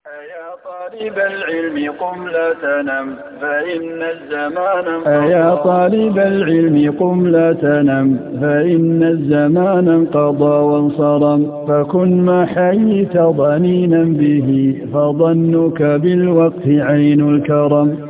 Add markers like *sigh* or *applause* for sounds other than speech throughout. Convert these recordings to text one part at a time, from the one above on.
أيا طالب العلم قم لا تنم فإن الزمان انقضى فإن الزمان انقضى وانصرم فكن ما حييت ضنينا به فظنك بالوقت عين الكرم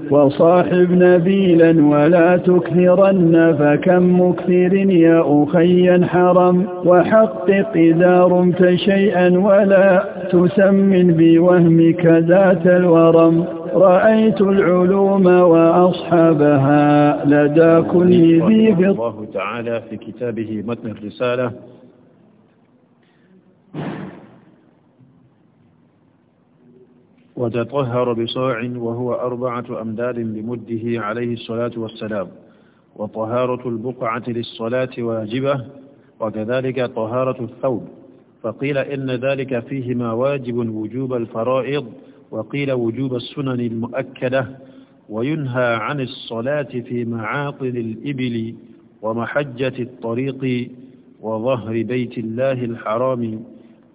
وصاحب نبيلا ولا تكثرن فكم مكثر يا أخي حرم وحقق إذا رمت شيئا ولا تسمن بوهمك ذات الورم رأيت العلوم وأصحابها لدى كل ذي الله تعالى في كتابه متن الرسالة وتطهر بصاع وهو أربعة أمداد بمده عليه الصلاة والسلام وطهارة البقعة للصلاة واجبة وكذلك طهارة الثوب فقيل إن ذلك فيهما واجب وجوب الفرائض وقيل وجوب السنن المؤكدة وينهى عن الصلاة في معاطل الإبل ومحجة الطريق وظهر بيت الله الحرام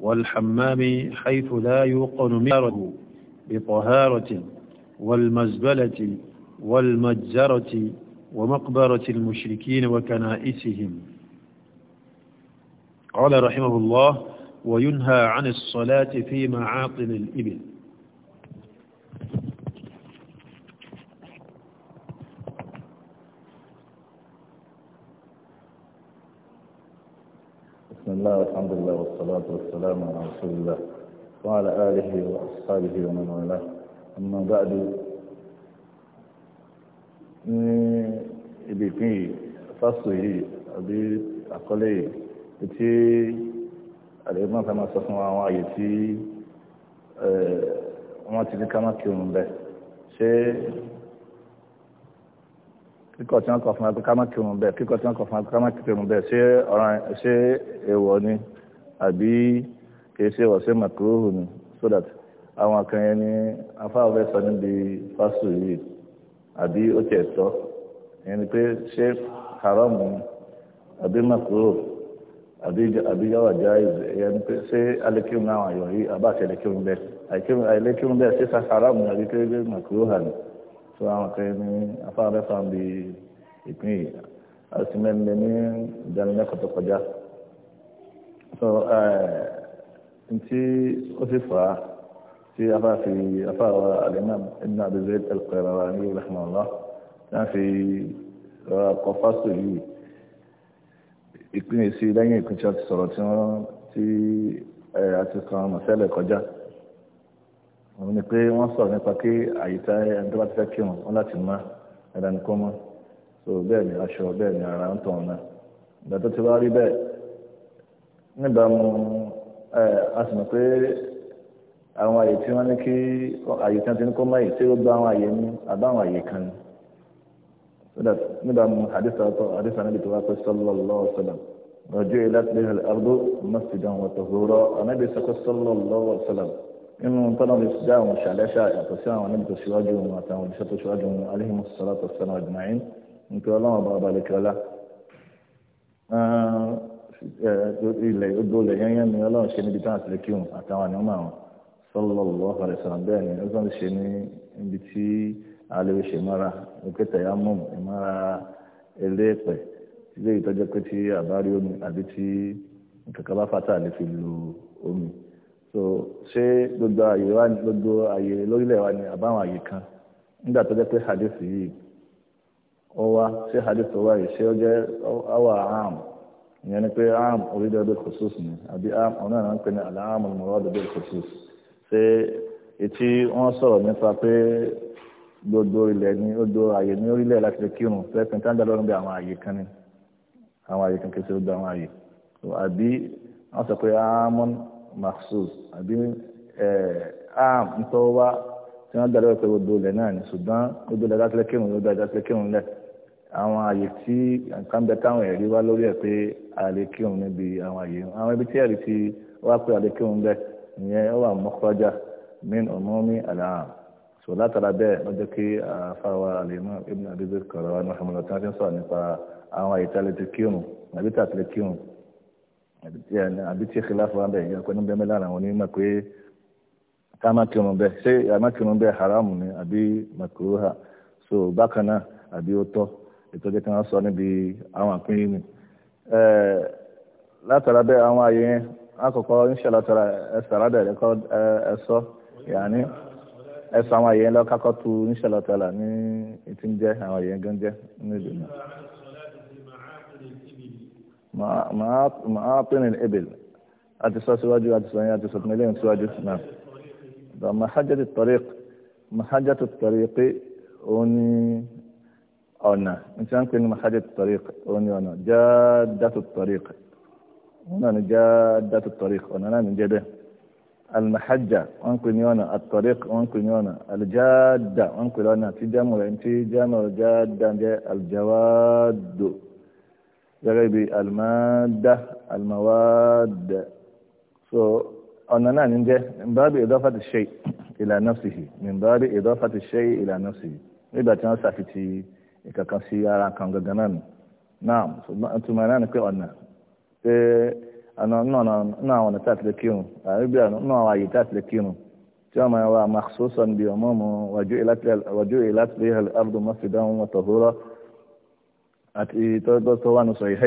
والحمام حيث لا يوقن مياره بطهارة والمزبلة والمجزرة ومقبرة المشركين وكنائسهم قال رحمه الله وينهى عن الصلاة في معاقل الإبل بسم الله والحمد لله والصلاة والسلام على رسول الله وعلى آله وأصحابه ومن والاه أما بعد ibi ìpín yìí fásitì yìí àbí àkọlé yìí tí àlèmọ́ fẹ́ máa sọ fún àwọn àyè tí wọ́n ti ní ká má kírun bẹ́ẹ̀ ṣé kíkọ̀ tí wọ́n kọ̀ fún wa pé ká má kírun bẹ́ẹ̀ kíkọ̀ tí wọ́n kọ̀ fún wa pé ká má kírun bẹ́ẹ̀ ṣé ọ̀ràn ni àbí. kìí ṣe ọ̀ṣẹ́ ni so that àwọn kan ní sọ níbi fásitì yìí àbí ó tọ́ pé ṣé haramu àbí màkúròhù àbí àbí ni pé ṣé alẹ́kírun náà àyọ̀ yìí àbá àti alẹ́kírun bẹ́ẹ̀ alẹ́kírun bẹ́ẹ̀ ṣé sa haramu àbí so àwọn ní sọ níbi ìpín yìí àti mẹ́rin ní ntí ó sì fà á tí afáàfin afáàwà alimam ibn abi zayd al-Qayrawani rahimahullah náà fi rọra kọ fásitì yìí ìpínlẹ̀ sí lẹ́yìn ìpín tí a ti sọ̀rọ̀ tí wọ́n ti a ti kan mọ̀sẹ́lẹ̀ kọjá òun ni pé wọ́n sọ̀rọ̀ nípa kí àyíká ẹni tó ti fẹ́ kírun wọn láti má ẹ̀dá nìkan mọ́ so bẹ́ẹ̀ ni aṣọ bẹ́ẹ̀ ni ara ń tàn náà ìgbà ti wá rí bẹ́ẹ̀ níbàámu a sì mọ̀ pé àwọn àyè tí wọ́n ní kí àyè tí wọ́n ti ní kó má yìí tí ó gba àwọn àyè ní àbáwọn àyè kan ni nígbà mu àdìsá ọ̀tọ̀ àdìsá níbi tó wá pé sallallahu alaihi wasallam rọjò ìlàtìlẹ àrùdó masjidan wa tahura ànábì sọkọ sallallahu alaihi wasallam nínú tọ́nà lè dá àwọn ṣàlẹ́ṣà yàtọ̀ sí àwọn níbi tó ṣíwájú wọn àtàwọn ìṣẹ́ tó ṣíwájú wọn alayhimu salatu wassalamu ajma'in nítorí ọlọ́wọ́n bá ilẹ̀ gbogbo ilẹ̀ yányán ni ọlọ́run ṣe níbi táwọn àtìlẹ́kì òun àtàwọn àníọ́mọ àwọn sallallahu alaihi wasallam bẹ́ẹ̀ ni ó sọ́n ṣe ní ibi tí alẹ́ ṣe mọ́ra òkètè ya mọ̀ ìmọ́ra eléèpẹ̀ ilé pé omi àbí tí fata lè omi so ṣé gbogbo wa ni gbogbo lórílẹ̀ wa ni àbáwọn kan nígbà tó jẹ́ pé hadith yìí ṣé hadith yìí ṣé ó ìyẹn ni pé am orílẹ̀ èdè kòsùs ni àbí am ọ̀nà náà ń pè ní àlàámù mọ̀rọ́dọ̀ èdè kòsùs ṣé etí wọ́n sọ̀rọ̀ nípa pé gbogbo ilẹ̀ ní gbogbo àyè ní orílẹ̀ láti fi kírun fẹ́ẹ́fẹ́ tá ń dábọ̀ níbi àwọn àyè kan ní àwọn àyè kan kì í ṣe gbogbo àwọn àyè àbí wọ́n sọ pé am maxus àbí am ntọ́wá tí wọ́n dábọ̀ pé gbogbo ilẹ̀ náà ní ṣùgbọ́n gbogbo ilẹ̀ láti fi kírun ló dájú láti fi kírun lẹ́ẹ̀ àwọn àyè tí nǹkan bẹ táwọn ẹ̀rí wá lórí ẹ̀ pé àlè kírun níbi àwọn àyè àwọn ibi tí ẹ̀rí ti wá pé àlè kírun ìyẹn ó wà mọ́kọ́jà min ọ̀mọ́mí àlàáhàn so látara bẹ́ẹ̀ ló kí àfàwà àlèmọ́ ibn abidjan kọ̀rọ̀ wa náà ṣàmùlò tí wọ́n ti ń sọ̀rọ̀ nípa àwọn àyè tí àlè ti kírun àbí tí àtìlẹ̀ kírun àbí tí ìkìláfọ̀ wọn bẹ̀ yẹn kọ́ ní bẹ́ẹ̀ mẹ́lá àwọn onímọ̀ pé ká má kírun bẹ́ẹ̀ ṣé àmá ni àbí makruha so bákan náà àbí ètò jẹ́ kí wọ́n sọ níbi àwọn àpín yìí nì látara bẹ́ẹ̀ àwọn ààyè yẹn àkọ́kọ́ ńṣe látara ẹ̀sàrádà ẹ̀kọ́ ẹ̀sọ́ yàní ẹ̀sọ́ àwọn ààyè yẹn lọ́kàkọ́ tu ńṣe látara ní ìtì ń jẹ́ àwọn ààyè yẹn gan jẹ́ ní ìlú náà. màá pín ní ebèlè àti sọ síwájú àti sọ yẹn àti sọ tìmílẹ̀ síwájú náà. mahajjatu tariq mahajjatu tariq òun ni ọ̀nà nítí wọ́n ń pè ní mahajj tariq òun ni ọ̀nà jaadatu tariq òun náà ni jaadatu tariq ọ̀nà náà ni jẹ́ bẹ́ẹ̀ almahajja wọ́n ń pè ní ọ̀nà atariq wọ́n pè ní ọ̀nà aljaada wọ́n pè ní ọ̀nà tí jámù rẹ̀ tí jámù jaada jẹ́ aljawaado gẹ́gẹ́ bí almada almawaada so ọ̀nà náà ni jẹ́ nbaabi idafati shay ila nafsihi nbaabi idafati shay ila nafsihi nígbà tí wọ́n ṣàfihàn ìkankan sí ara kan gangan náà ni náà ṣùgbọ́n ìtumọ̀ náà ni pé ọ̀nà pé ọ̀nà náà àwọn ọ̀nà tá a ti lè kírun àríbí ọ̀nà àwọn àyè tá a ti lè kírun tí wọ́n máa wà makhsusan bí ọmọ mu wàjú ìlàtìlẹ̀ al-ardu masjidan wa tahura àti tọ́jọ́ wà ní sahih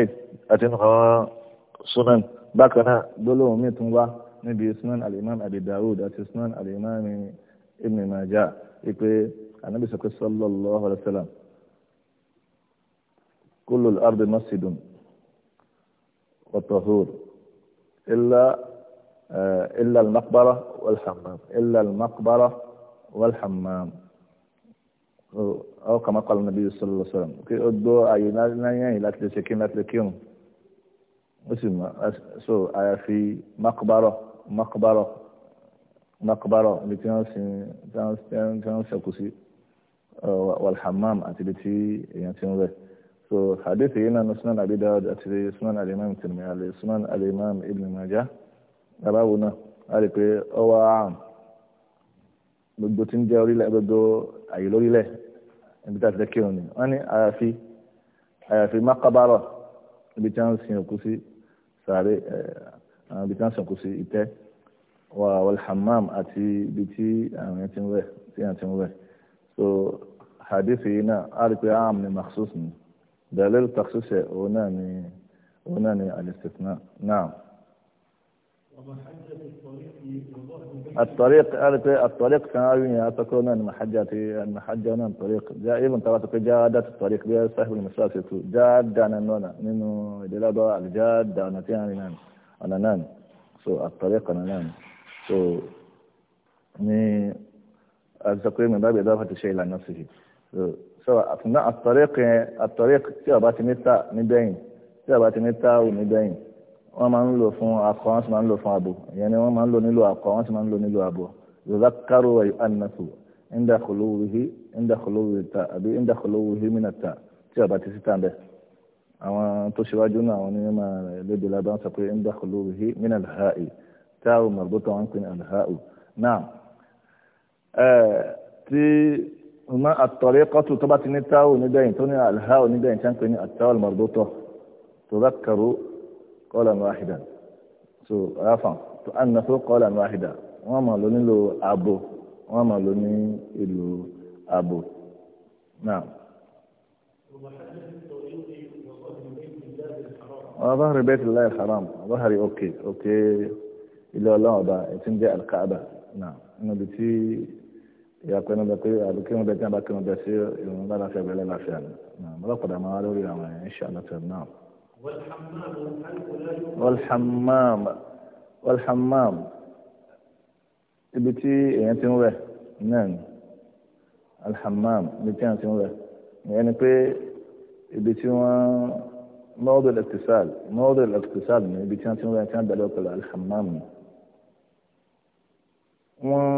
àti nǹkan sunan bákan náà gbólóhùn mi tún wá níbi sunan al abi dawud àti sunan al ibn majah ipe anabi sọkè sallallahu alayhi wa كل الأرض مسجد وطهور إلا إلا المقبرة والحمام إلا المقبرة والحمام أو كما قال النبي صلى الله عليه وسلم كي أدو أينا نيا إلى تسكين لكيوم مسلم سو أي في مقبرة مقبرة مقبرة لتيان سين تيان سين والحمام أتلتي يعني تيان so hadithi yìí nanu sunan abi dawud àti sunan alimam tirmidhi sunan alimam ibn majah abawo náà a lè pe ọwọ àrùn gbogbo tí ń jẹ orílẹ̀ gbogbo àyè lórílẹ̀ ibi tá a ti fẹ́ kírun ni wọ́n ní àyàfi àyàfi makabarọ̀ ibi tí wọ́n ń sin òkú sí sàárè àwọn ibi tí wọ́n ń sin òkú sí ìtẹ́ wà wàlhàmàm àti ibi tí àwọn ti ti ń wẹ̀ so hadithi yìí náà a lè ni maksus ni. دليل التخصيص وناني وناني الاستثناء نعم الطريق قالت الطريق كان أبيني تكون أن محجاتي المحجة حجنا الطريق جاء ابن تقول جادة الطريق بها صاحب المساس جادة أنا نونا منه إلى ضاء الجادة أنا تياني نان أنا نان سو الطريق أنا نان سو ني التقويم من باب إضافة الشيء إلى نفسه so àtúndá àtọ̀rẹ́kì àtọ̀rẹ́kì tí ọba ti ní ta níbẹ̀yìn tí ọba ti ní ta ò níbẹ̀yìn wọ́n máa ń lò fún akọ wọ́n sì máa ń lò fún abo ìyẹn ni wọ́n máa ń lò nílò akọ wọ́n sì máa ń lò nílò abo yorùbá kárò wà ánàfò ẹ̀ńdà kòlówìhí ẹ̀ńdà kòlówìhí ta àbí ẹ̀ńdà kòlówìhí mìíràn ta tí ọba ti sí ta àwọn tó ṣíwájú náà àwọn onímọ̀ lédè lábá sọ pé ẹ̀ńdà kòlówìhí mìíràn ma at-tariqatu tó bá ti ní táwò nígbẹ̀yìn tó ní alhá onígbẹ̀yìn tí a ń pè ní at-tawu al-marbutah tudhakkaru qawlan wahidan so rafan tó annafu qawlan wahidan wọ́n máa lò nílò ààbò wọ́n máa lò ní ìlò ààbò náà. ظهر بيت الله الحرام ظهري اوكي اوكي إلا الله أبا يتم جاء الكعبة نعم إنه بتي ìyàpẹ́ náà bẹ pé àbíkí wọn bẹ tí wọn bá kí wọn bẹ sí ìrún lálàáfíà bẹ lálàáfíà ni ọlọ́pàá máa wá lórí àwọn ẹ̀yìn ṣàlàtẹ̀ náà. walhamam walhamam ibi tí èèyàn ti ń wẹ̀ náà ni alhamam ibi tí èèyàn ti ń wẹ̀ ìyẹn ni pé ibi tí wọ́n mọ́ọ́dọ̀ lẹ́kítẹ́sàl mọ́ọ́dọ̀ lẹ́kítẹ́sàl ni ibi tí wọ́n ti ń wẹ̀ tí wọ́n bẹ̀rẹ̀ pẹ̀lú alhamam ni. wọ́n.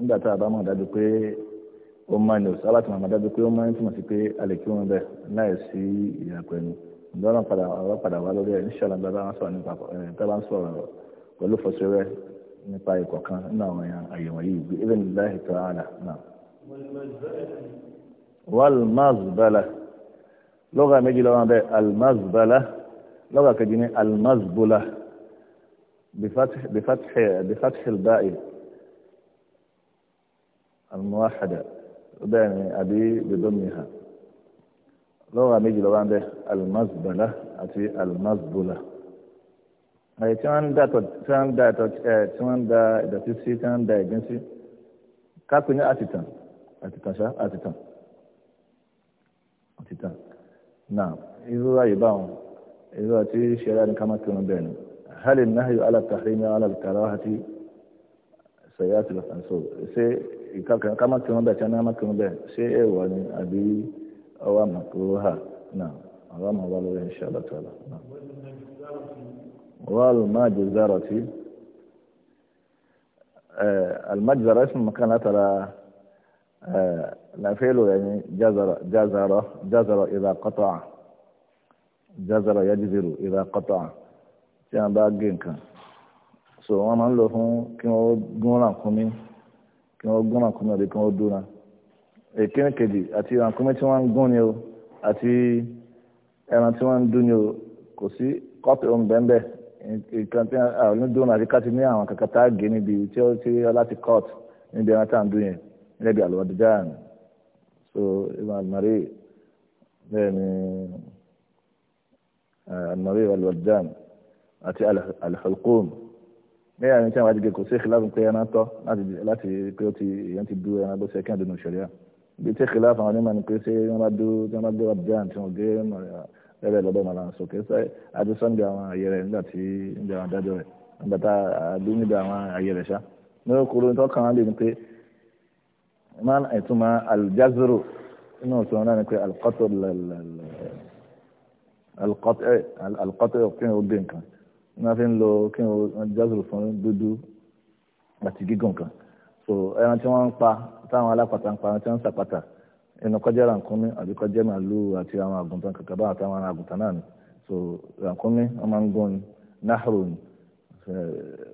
nígbà tá a bá mọ̀ dájú pé ó máa ní òsì aláàtì màmá dájú pé ó máa ń túmọ̀ sí pé a lè kí wọn bẹ́ẹ̀ láì sí ìyàpẹ̀ ni ìdọ́nà padà ọ̀rọ̀ padà wá lórí ẹ̀ níṣàlá bá ń sọ̀rọ̀ nípa ẹ̀ eh, tá bá ń sọ̀rọ̀ pẹ̀lú fọ́sẹ̀rẹ́ nípa ìkọ̀kan nínú àwọn àyẹ̀wò yìí bí even láì tó àlà náà. wàlmazbala lọ́gà méjì lọ́wọ́ bẹ́ẹ̀ almazbala lọ́gà kejì ní almazbula bifathi bifathi bifathi báyìí àlùmọ́wáhàdà bẹ́ẹ̀ ni àbí bìdómìhà lọ́wọ́ méjì lọ́wọ́ ń bẹ́ àlùmọ́sibàlá àti àlùmọ́sibùlà àyè tí wọ́n ń da tí wọ́n ń da tí wọ́n ń da ìdọ̀tí sí tí wọ́n ń da ìgbín sí kápẹ́ ní àtìtàn àtìtàn ṣá àtìtàn àtìtàn náà irú àyè báwọn irú àti ṣẹlẹ ní ká má kí wọn bẹ́ẹ̀ ni hali nahyu ala tahrimi ala karahati sayati lafanso ìkàkà ká má kírun bẹ́ẹ̀ káná má kírun bẹ́ẹ̀ ṣé èèwọ̀ ni àbí ọwọ́ àmọ̀ tó hà náà ọwọ́ àmọ̀ wà lórí insha Allah ta'ala náà. والمجزرة المجزرة اسم مكان ترى نفعله يعني جزر جزر جزر إذا قطع جزر يجزر إذا قطع tí a bá gé nǹkan so wọ́n máa ń lò fún kí wọ́n gún rànkúnmí kí wọ́n gún rànkúnmí àbí kí wọ́n dúnra èkéwìn kejì àti rànkúnmí tí wọ́n ń gún ni o àti ẹran tí wọ́n ń dún ni o kò sí kọ́pì ohun bẹ́ẹ̀ nǹkan tí àwọn onídùn àti káti ní àwọn kankan tá a gé níbi tí ó ti láti court níbi ẹran tá à ń dún yẹn níbi àlùwádìí dáhàn so ibn al-mari bẹ́ẹ̀ ni al-mari eh, wal-waddan àti al-hulqum. al mari wal waddan àti al bẹ́ẹ̀ ni tí àwọn àdìgẹ kò sí ìkìláàfù pé ẹran tọ́ láti pé ó ti èèyàn ti dú ẹran bó ṣe kí àdùnnú ìṣẹ̀lẹ̀ à bí tí ìkìláàfù àwọn onímọ̀ ni pé ṣé wọ́n bá dú tí wọ́n bá gbé ọ̀bẹ àti wọn gé ẹrẹ lọ́dọ̀ màlá sókè àti sọ́ndì àwọn ayé rẹ̀ nígbà tí níbi àwọn adájọ́ rẹ̀ nígbà tá a dú níbi àwọn ayé rẹ̀ ṣá ní okòrò tó kàn án lè ní pé máa ń ìtumọ̀ aljazuru inú òtún náà ni pé alqatl alqatl kí ni ó gbé nǹkan ní wọ́n fi ń lọ kí wọ́n jásòrò fún dúdú àti gígùn kan so ẹran tí wọ́n ń pa táwọn alápàtà ń pa ẹran tí wọ́n ń sàpàtà ẹnu kọjá rànkúnmí àbí kọjá màlúù àti àwọn àgùntàn kàkà báwọn àtàwọn àgùntàn náà ni so rànkúnmí wọ́n máa ń gún ni náhùrù ni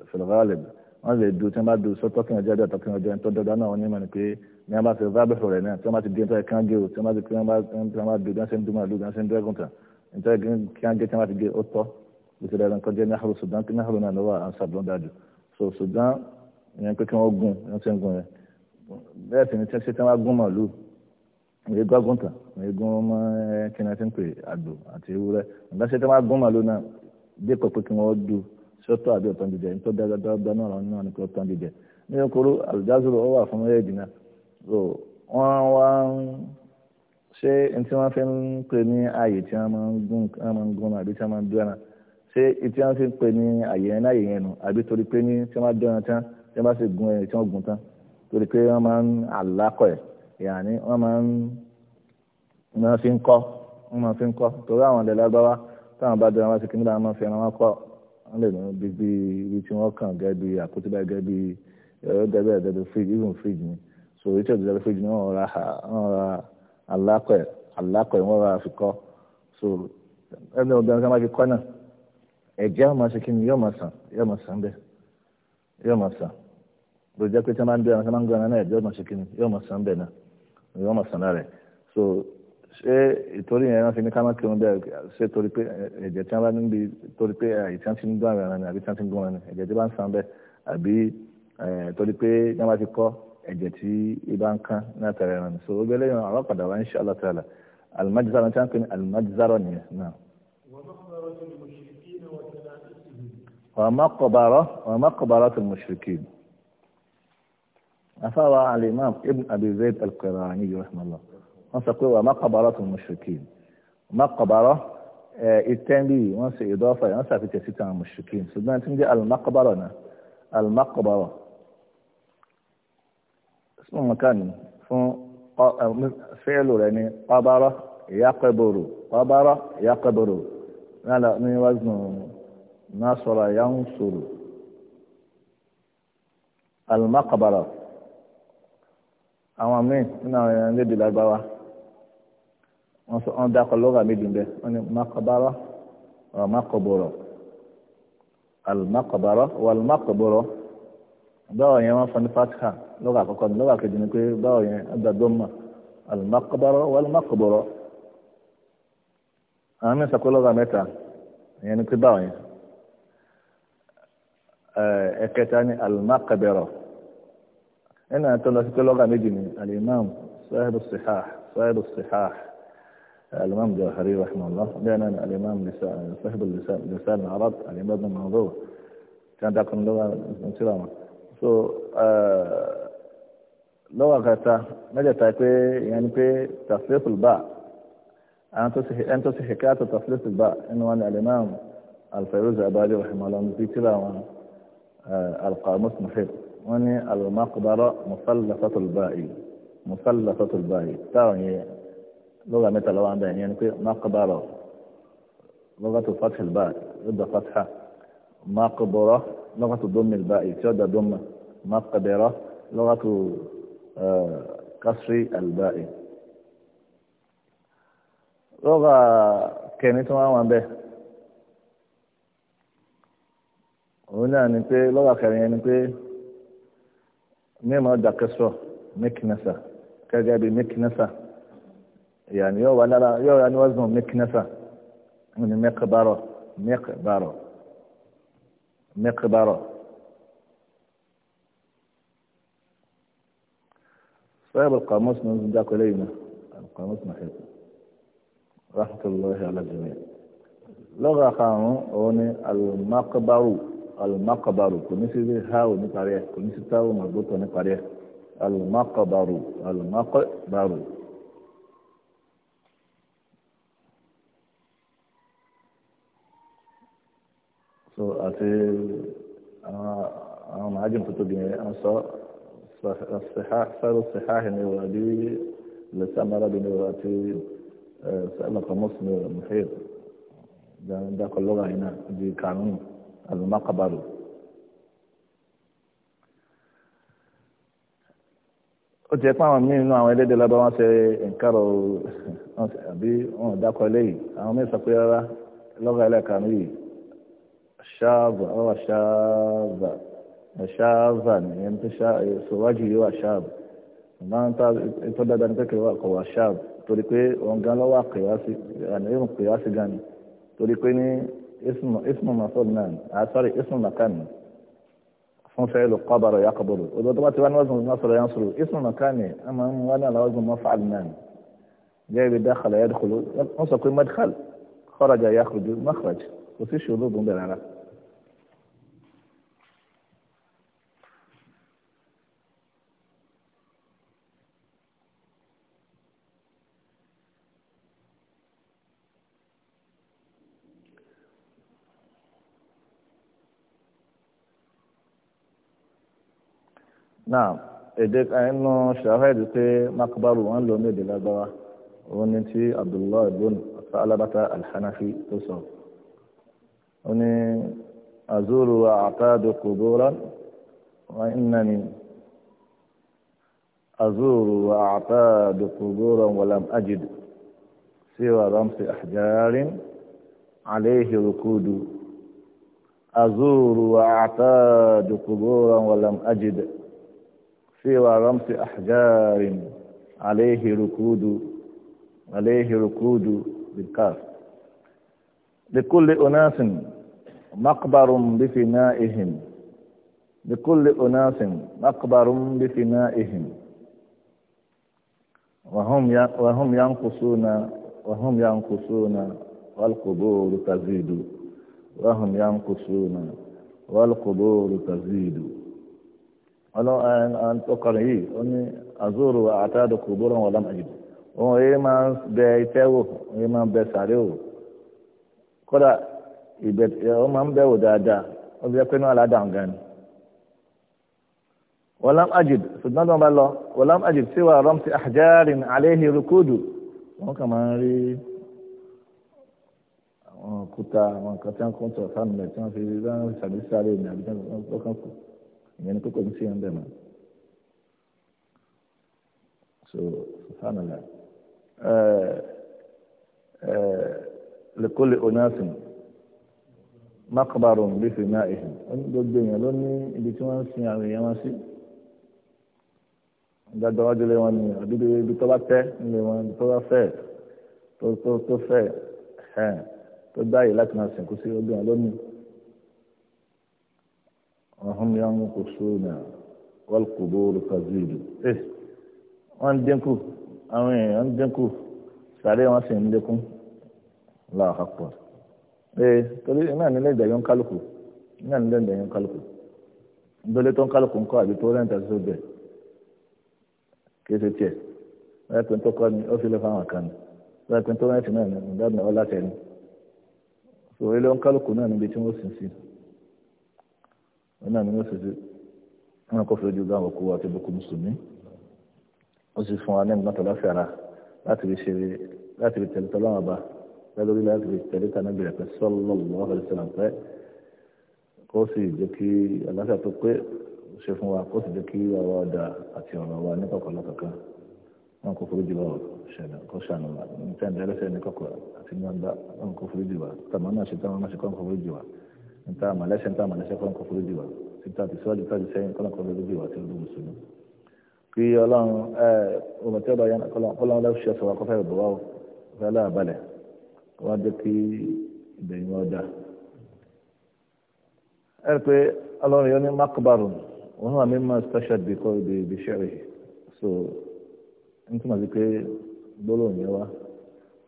fìlọ́gàlẹ̀bì wọ́n lè du tí wọ́n bá du sọ́tọ́ kí wọ́n jẹ́ dọ̀tọ́ kí wọ́n jẹ́ tó dọ́dọ́ náà wọ́n ní mọ̀ ni pé ní wọ́n bá ti bá bẹ̀rẹ̀ rẹ̀ náà tí wọ́n bá ti di nítorí kán gé o tí wọ́n bá ti kí wọ́n bá gbèsè dandan kan jẹ́ nahru sudan kí nahru náà lọ́wọ́ ansa ló dájú so sudan ìyẹn pé kí wọ́n gun ìyẹn ti ń gun yẹn bẹ́ẹ̀ sì ni tí ṣe tí wọ́n gún màlúù ìyẹn gún àgùntàn ìyẹn gún ọmọ kí ni a ti ń pè àgbò àti ewúrẹ́ ìgbà ṣe tí wọ́n gún màlúù náà dé kọ pé kí wọ́n du sọ́tọ̀ àbí ọ̀tàn jíjẹ nítorí dáadáa náà ni kò ọ̀tàn jíjẹ ní okòrò àlùjázùrò ó wà fún ẹ̀ẹ́dì náà so wọ́n wá ń ṣe ní ṣé etí wọn fi ń pè ní àyè yẹn láyè yẹn nù àbí torí pé ní tí wọn dán tán tí wọn bá sì gun ẹ tí wọn torí pé wọn máa ń àlákọ ẹ yàní wọn máa ń wọn fi ń kọ wọn máa torí àwọn lágbáwá táwọn bá dán wọn ma kíní làwọn máa fi ẹran wọn kọ wọn lè nù bíbí ibi tí wọn kàn bí àkótí bá bí ni so ni wọn ẹ wọn ẹ̀jẹ̀ ọmọ ṣe kí ni yóò máa sàn yóò máa sàn bẹ́ẹ̀ yóò máa sàn bó jẹ́ pé tí wọ́n máa ń gbé ẹran tí wọ́n máa ń gbé náà ẹ̀jẹ̀ ọmọ ṣe kí ni yóò máa sàn bẹ́ẹ̀ náà yóò máa sàn lára ẹ̀ so ṣé ìtorí yẹn wọ́n fi ní kámá kírun bẹ́ẹ̀ ṣé torí pé ẹ̀jẹ̀ tí wọ́n bá ń bi torí pé àìsí eh, wọn ti ń gbọ́n ẹran ni àbí tí wọ́n ti ń gbọ́n ẹ̀jẹ̀ tí wọ́n ń sàn bẹ́ẹ̀ àbí eh, torí pé wọ́n bá ti kọ́ ẹ̀jẹ̀ so ó gbẹ́lẹ́ yẹn ọ̀rọ̀ padà wá insha Allah ta'ala al-majzara ومقبرة ومقبرة المشركين أفوى الإمام ابن أبي زيد القراني رحمه الله وصفه ومقبرة المشركين مقبرة التنبي ونص إضافة ونص في تسيط المشركين سيدنا تنجي المقبرة المقبرة اسم المكان فعل يعني قبرة يقبر قبرة يقبر لا لا من وزنه nasara yansuru almakabara àwọn míì nínú àwọn èèyàn lédè lágbára wọn sọ wọn dákọ lọ́gà méjì ń bẹ wọn ni makabara wa makaboro almakabara wa almakaboro báwo yẹn wọn fọn ní fatiha lọ́gà àkọ́kọ́ ní lọ́gà kejì ni pé báwo yẹn adadoma almakabara wa almakaboro àwọn míì sọ pé lọ́gà mẹ́ta ìyẹn ni pé báwo yẹn. ẹ̀kẹta ní alimakabẹ̀rọ̀ nínú àtọ́lọ́ sí tọ́lọ́gà méjì ní alimam sahibu sihah sahibu sihah alimam jahari rahmanullah bẹ́ẹ̀ náà ní alimam sahibu lisan arab alimam ibn manzo tí wọ́n dákun lọ́wọ́ ní síra wọn. so lọ́wọ́ kẹta mẹ́jẹ̀ta pé ìyẹn ni pé tafsirul ba ẹni tó sì hikayatu tafsirul ba ẹni wọn ni alimam alfayruzi abadi rahmanullah ní síra wọn. القاموس محيط وني المقبرة مثلثة البائي مثلثة البائي تاني لغة مثل لو عندها يعني مقبرة لغة فتح الباء ضد فتحة مقبرة لغة ضم الباء شد ضم مقبرة لغة آه، كسر الباء لغة كانت ما عندنا òun náà ni pé lọ́wọ́ kẹrin yẹn ni pé mímọ́ dàkẹ́sọ̀ mẹ́kínẹ́sà kẹ́gẹ́ bíi mẹ́kínẹ́sà ìyàní yóò wà lára yóò wà níwájú mẹ́kínẹ́sà òun ni mẹ́kẹ́bárọ̀ mẹ́kẹ́bárọ̀ mẹ́kẹ́bárọ̀. صاحب القاموس من ذاك إلينا القاموس محيط رحمة الله على الجميع لغة قانون المقبر المقبر kò ní sí háwù níparí ẹ̀ kò ní sí táwù màgbótọ̀ níparí ẹ̀ المقبر المقبر so àti àwọn màájìm tó tóbi yẹn wọ́n sọ sẹ́rù sèháhì ni wọ́n àbí lẹ́sàmára bí ni wọ́n àti sẹ́lẹ̀kọ̀ mọ́sùn ni wọ́n mùhìr dákọ̀ lọ́wọ́ àyìnà di kànúnù. المقبر ó ti ẹ pa àwọn míì nínú àwọn ẹlẹ́dẹ̀ lọ́dọ̀ wọn ṣe nǹkan ọ̀ àbí wọn dákọ̀ eléyìí àwọn míì sọ pé rárá lọ́gà ẹlẹ́ẹ̀kan yìí ṣáàbà ọ ṣáàbà ṣáàbà nìyẹn tó ṣòwájú yìí wà ṣáàbà ìmọ̀ ń ta ètò wà kọ̀ wà ṣáàbà torí pé gan lọ́wọ́ sí sí gan ni torí pé اسم اسم مفعول من سوري آه، اسم مكان اسم فعل قبر يقبل ودلوقتي وانا وزن النصر ينصر اسم مكاني اما وانا لوزن مفعل من جاي بداخل يدخل نصر كل مدخل خرج يخرج مخرج وفي شروط من العراق náà èdè ẹnu ṣàhẹ́dì pé makbaru wọn lò ní èdè lágbára òun ni ti abdullahi ibn alabata alhanafi tó sọ ó ní azuru àtàdé kòbóra wọn ìnáni azuru àtàdé kòbóra wàlám ajid síwá ramsi àjárín عليه ركود أزور وأعتاد قبورا ولم أجد سوى رمس أحجار عليه ركود عليه ركود بالكاف لكل أناس مقبر بفنائهم لكل أناس مقبر بفنائهم وهم وهم ينقصون وهم ينقصون والقبور تزيد وهم ينقصون والقبور تزيد ọlọ́run ọkọrin yìí ó ní azuru àtàdù kùbúrọ̀ wọn lọ́mọ yìí òun èyí máa ń bẹ ìtẹ́ wò èyí máa ń bẹ sàárẹ̀ wò kódà ìbẹ̀ ọ máa ń bẹ̀ wò dáadáa ó fi jẹ́ pé náà aládàá ń gan ni wọlám ajid ṣùgbọ́n tó ń bá lọ wọlám ajid sí wa rọ́m sí àjárin rukudu wọ́n kàn máa ń rí àwọn òkúta àwọn kan tí sánú rẹ̀ tí wọ́n fi rí láwọn ìṣàlùsí àlè ìrìn àbí kàn kù ìyẹn ni kókò ń sí ẹ̀ńdẹ̀ so subhanallah lèkólè onásìn makbarun bífi náà èhìn ó ní gbogbo èèyàn ló ní ibi tí wọ́n ń sin àwọn èèyàn wọn sí gbàgbọ́ wájú lé wọn ni àbí ibi tó bá tẹ́ nílé wọn ibi tó bá fẹ́ tó tó tó fẹ́ ẹ̀ tó dáyé láti máa sìnkú sí gbogbo èèyàn lónìí ọ̀hún yà mú kó sóònà wọ́n kò bóòrò kazeelu ẹ̀ wọ́n dínkù àwọn èèyàn dínkù sàrẹ́ wọn sì ń lékún láàkà pọ̀ ẹ̀ torí náà nílẹ̀ ìdájọ́ ń kálukú náà nílẹ̀ ìdájọ́ ń kálukú ndọ́lé tó ń kálukú ń kọ́ àbí tó rẹ́ǹtà sí ọbẹ̀ kí ẹsẹ̀ tiẹ̀ bẹ́ẹ̀ pé tó kọ́ ni ó fi lé fáwọn kan ni bẹ́ẹ̀ pé tó rẹ́ǹtì náà ni ìdájọ́ ọlá tẹ̀ ni sòwé ló ń kálukú náà níbi tí wọ́n sì ń sìn wọn náà ni wọ́n sì ti wọn kọ́ fìdí ojú àwọn òkú àti ìbùkún mùsùlùmí ó sì fún wa ní ìmọ̀tò láfíàrà láti fi ṣe láti fi tẹ̀lé tọ́lá wọn bá lẹ́lórí láti fi tẹ̀lé tánà bìrẹ̀ pẹ̀ sallallahu alaihi wasallam pẹ́ kó sì jẹ́ kí aláṣà tó pé ó ṣe fún wa kó sì jẹ́ kí ọwọ́ ọ̀dà àti ọ̀rọ̀ wa ní kọ̀kọ̀lọ́ kankan wọn kò forí jùlọ ṣẹlẹ̀ kó ṣàánú wa níta ìdẹ́rẹ́sẹ̀ ní kọ̀kọ̀ àti níwájú wọn kò forí jù wa tàmánà ṣe tàmánà ṣe kọ́ níta àmàlẹ́sẹ̀ níta àmàlẹ́sẹ̀ kọ́nà kọ́ forí jìwà síta àti síwájú níta àti sẹ́yìn kọ́nà kọ́ forí jìwà tí ó dùn sùn. kí ọlọ́run ẹ ọmọ tí ọba yẹn kọ́lọ́run lọ́wọ́ ṣe sọ̀rọ̀ akọ́fẹ́ ìbọ̀wá o fẹ́ aláàbálẹ̀ wọ́n á jẹ́ kí ìbẹ̀yìn wọn dà. ẹ pé ọlọ́run yẹn ní makbaru wọn wà mímọ́ special bí kọ́ ibi ibi ṣẹ́rì so n túmọ̀ sí pé gbólóhùn yẹn wá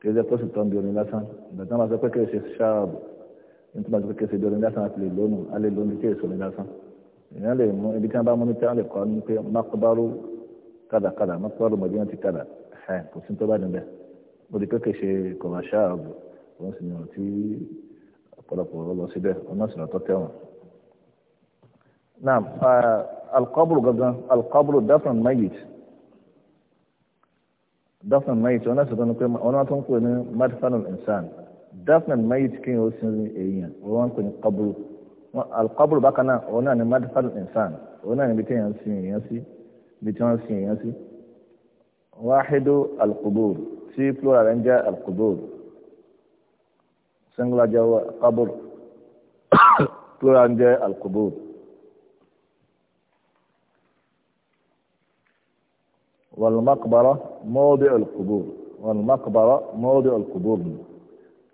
kí ẹ jẹ́ pọ́sìtọ́ ń bí orin lásán ìgbà tí wọ́n bá sọ pé kí ẹ ṣe ṣáàbù ní tó bá ti fi kése dọ́rin lásán àti lè lónù á lè lónù tí èso ní lásán èèyàn lè mú ibi tí wọ́n bá mú ní tí wọ́n lè kọ́ ní pé maqbaru kàdàkàdà maqbaru mọ̀dínà ti kàdà ẹ̀ kò sí tó bá níbẹ̀ ó di kéke ṣe kọ̀mọ̀ṣá ààbò òun sì ní ọ̀ tí ọ̀pọ̀lọpọ̀ lọ síbẹ̀ ọ̀nà sì lọ́tọ́ tẹ̀wọ̀n. naam alqabru gangan alqabru dafn mayit dafn mayit ọ̀nà sì tó ń pè ní madfanul insan dafna mayit kí o sin èèyàn wọn kò ní kaburu alkaburu bákan náà òun náà ni madfal insan òun náà ni bí téèyàn sin èèyàn sí bí tí wọn sin èèyàn sí wáhidu alkubur tí plural rẹ̀ ń alkubur singular jẹ́ kabur plural ń jẹ́ alkubur. والمقبرة موضع القبور والمقبرة موضع القبور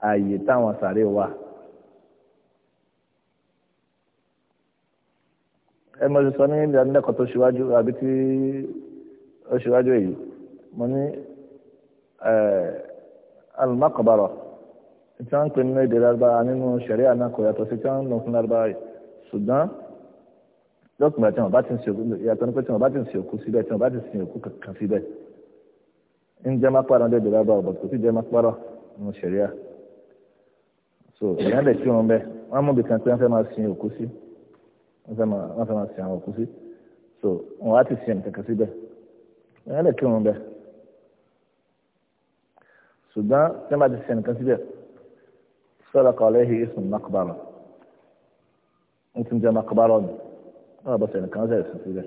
ààyè táwọn sàárè wà. ẹ mọ̀ ṣe sọ ní ìdánilẹ́kọ̀ọ́ tó ṣíwájú àbí tí ó ṣíwájú èyí mo ní alimakọ̀bárọ̀ tí wọ́n ń pè nínú èdè lárúbáwá nínú ṣẹ̀rí ànákọ̀ yàtọ̀ sí tí wọ́n ń lò fún lárúbáwá yìí ṣùgbọ́n lọ́kùnrin àti wọn ti ń sin òkú yàtọ̀ ní pé tí wọn ti ń sin òkú síbẹ̀ tí wọn ti sin òkú kankan síbẹ̀ ń jẹ́ má parọ́ ní èdè lárúbáwá bọ̀ kò sí jẹ́ má nínú ṣẹ̀rí ànákọ̀ so èèyàn lè kírun bẹ́ẹ̀ wọ́n mú ibìkan tí wọ́n fẹ́ máa sin òkú sí wọ́n fẹ́ máa sin àwọn òkú sí so wọ́n á ti sin ẹnì kankan síbẹ̀ èèyàn lè kírun bẹ́ẹ̀ ṣùgbọ́n tí wọ́n bá ti sin ẹnì kan síbẹ̀ sọ́dọ̀ kọ́ lẹ́hì ìsùn makbara ń tún jẹ́ makbara ni wọ́n bá sin ẹnì kan síbẹ̀ síbẹ̀.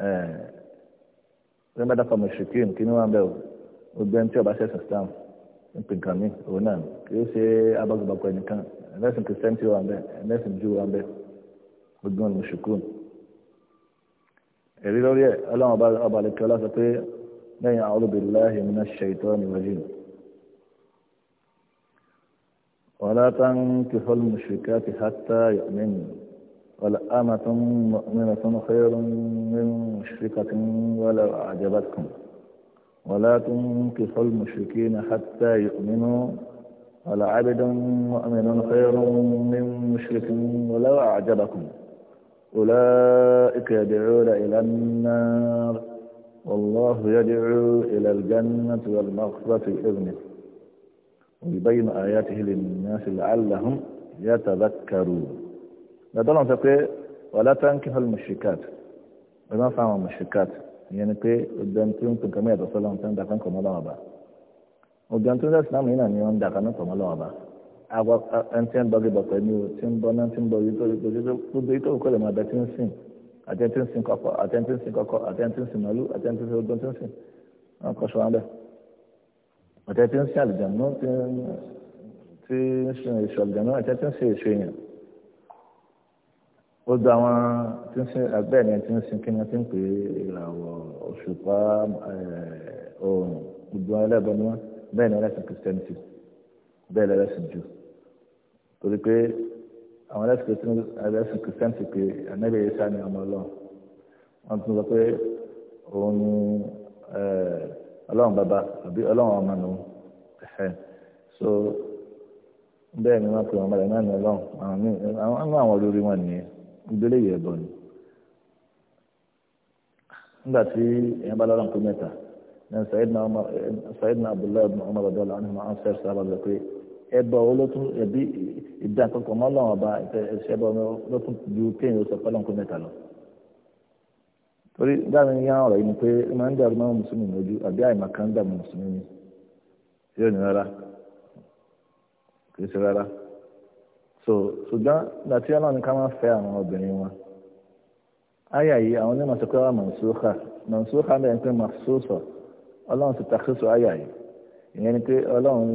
ẹ bá dàpọ̀ mùsùlùmí kí ni wọ́n bẹ̀ o gbogbo ẹni tí ọba ṣẹ̀sìn Islam ń pè nǹkan mi òun náà kì í ṣe abọ́gbọ̀gbọ̀ ẹnìkan ẹlẹ́sìn kìrìsìtẹ́nì tí wọ́n bẹ̀ ẹlẹ́sìn jù wọ́n bẹ̀ gbogbo ẹni mùsùlùmí. èrí lórí ẹ ọlọ́run ọba àlekẹ́ ọlá sọ pé lẹ́yìn a'udhu billahi minash shaitani rajim. wala tankihul mushrikati hatta yu'minu أمة مؤمنة خير من مشركة ولو أعجبتكم ولا تنكحوا المشركين حتى يؤمنوا ولعبد مؤمن خير من مشرك ولو أعجبكم أولئك يدعون إلى النار والله يدعو إلى الجنة والمغفرة بإذنه ويبين آياته للناس لعلهم يتذكرون lọ́dọ́lọ́n sọ pé wàlá tankihul mushrikat ẹ má fa àwọn mushrikat ìyẹn ni pé ọdún tí ń pin kàmí ẹ̀dọ́ sọ́lọ́n tó ń dàkán kọ̀ mọ́ lọ́wọ́ bá ọdún tí ń dàkán sọ́lọ́n yìí náà ni wọ́n ń dàkán kọ̀ mọ́ lọ́wọ́ bá àgbà ẹni tí ń bọ́ gé bọ̀pẹ̀ ni o tí ń bọ́ náà tí ń bọ́ yìí tó yìí tó kó lè máa bẹ ń sìn èso èèyàn ó do àwọn tí ń sin abẹ́ẹ̀ ni tí ń sin kí ni tí ń pè é ìràwọ̀ òṣùpá oòrùn eh, gbogbo ẹlẹ́bọn ni wọ́n bẹ́ẹ̀ ni ẹlẹ́sìn kìrìsìtẹ́nìtì bẹ́ẹ̀ ni ẹlẹ́sìn jù torí pé àwọn ẹlẹ́sìn kìrìsìtẹ́nìtì pé ànábì Ìsá ni ọmọ ọlọ́run wọ́n tún sọ pé òun ni eh, ọlọ́run bàbá àbí ọlọ́run ọmọ nù ẹ̀hẹ́ so bẹ́ẹ̀ ni wọ́n pe ọmọ rẹ̀ náà ní ọlọ́run àwọn ìgbélé yẹ bọ̀ ni nígbà tí èèyàn bá lọ́rùn pé mẹ́ta ní sayidina abdullahi ibn umar radiyallahu anhu máa ndị fẹ́ sábà lọ pé ẹbọ olótún ẹbí ìdá kankan mọ́ lọ́wọ́ ọba ẹ̀ṣẹ̀bọ olótún ju kéèyàn sọ pé lọ́rùn mẹ́ta lọ. torí dáhùn yá ọ̀rọ̀ yìí ni pé ó máa ń dàrú mọ́ mùsùlùmí lójú àbí ń dàrú mùsùlùmí yóò ní rárá kì í ṣe rárá. so ṣùgbọ́n láti ọlọ́run ká máa fẹ́ àwọn obìnrin wọn àyà yìí àwọn onímọ̀ sọ pé wọ́n mọ̀nsókà mọ̀nsókà ń bẹ̀rẹ̀ pé mọ̀sósọ̀ ọlọ́run ti takṣíṣọ àyà yìí ìyẹn ni pé ọlọ́run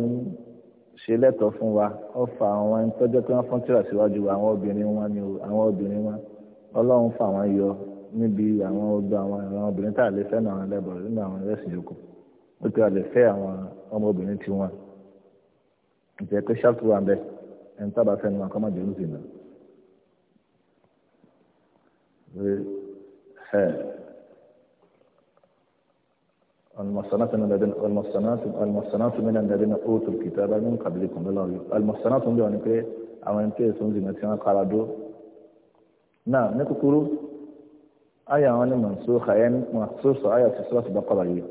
ṣe lẹ́tọ̀ọ́ fún wa ó fa àwọn ẹni tọ́jọ́ pé wọ́n fọ́n tíra síwájú àwọn obìnrin wọn ni àwọn obìnrin wọn ọlọ́run fa wọn yọ níbi àwọn ọgbà àwọn àwọn obìnrin tá a lè fẹ́ náà lẹ́bọ̀rọ̀ nínú àwọn ẹlẹ́sìn yòókù ó ti a lè fẹ́ àwọn ọmọbìnrin tiwọn ìjẹ́ pé ṣáàtú bẹ́ẹ̀. ẹni tábà fẹ́ni wọn kọ́ má jẹun sí náà المحصنات من الذين المحصنات المحصنات من الذين اوتوا الكتاب من قبلكم المحصنات ń bẹ wọn ni pé àwọn ẹni tí èso ń zina tí wọn kára dó náà ní kúkúrú ayé àwọn ni mọ̀nsóòkà ayé mọ̀nsóòsọ ayé àti sọ́ọ̀sì bá kọ́ báyìí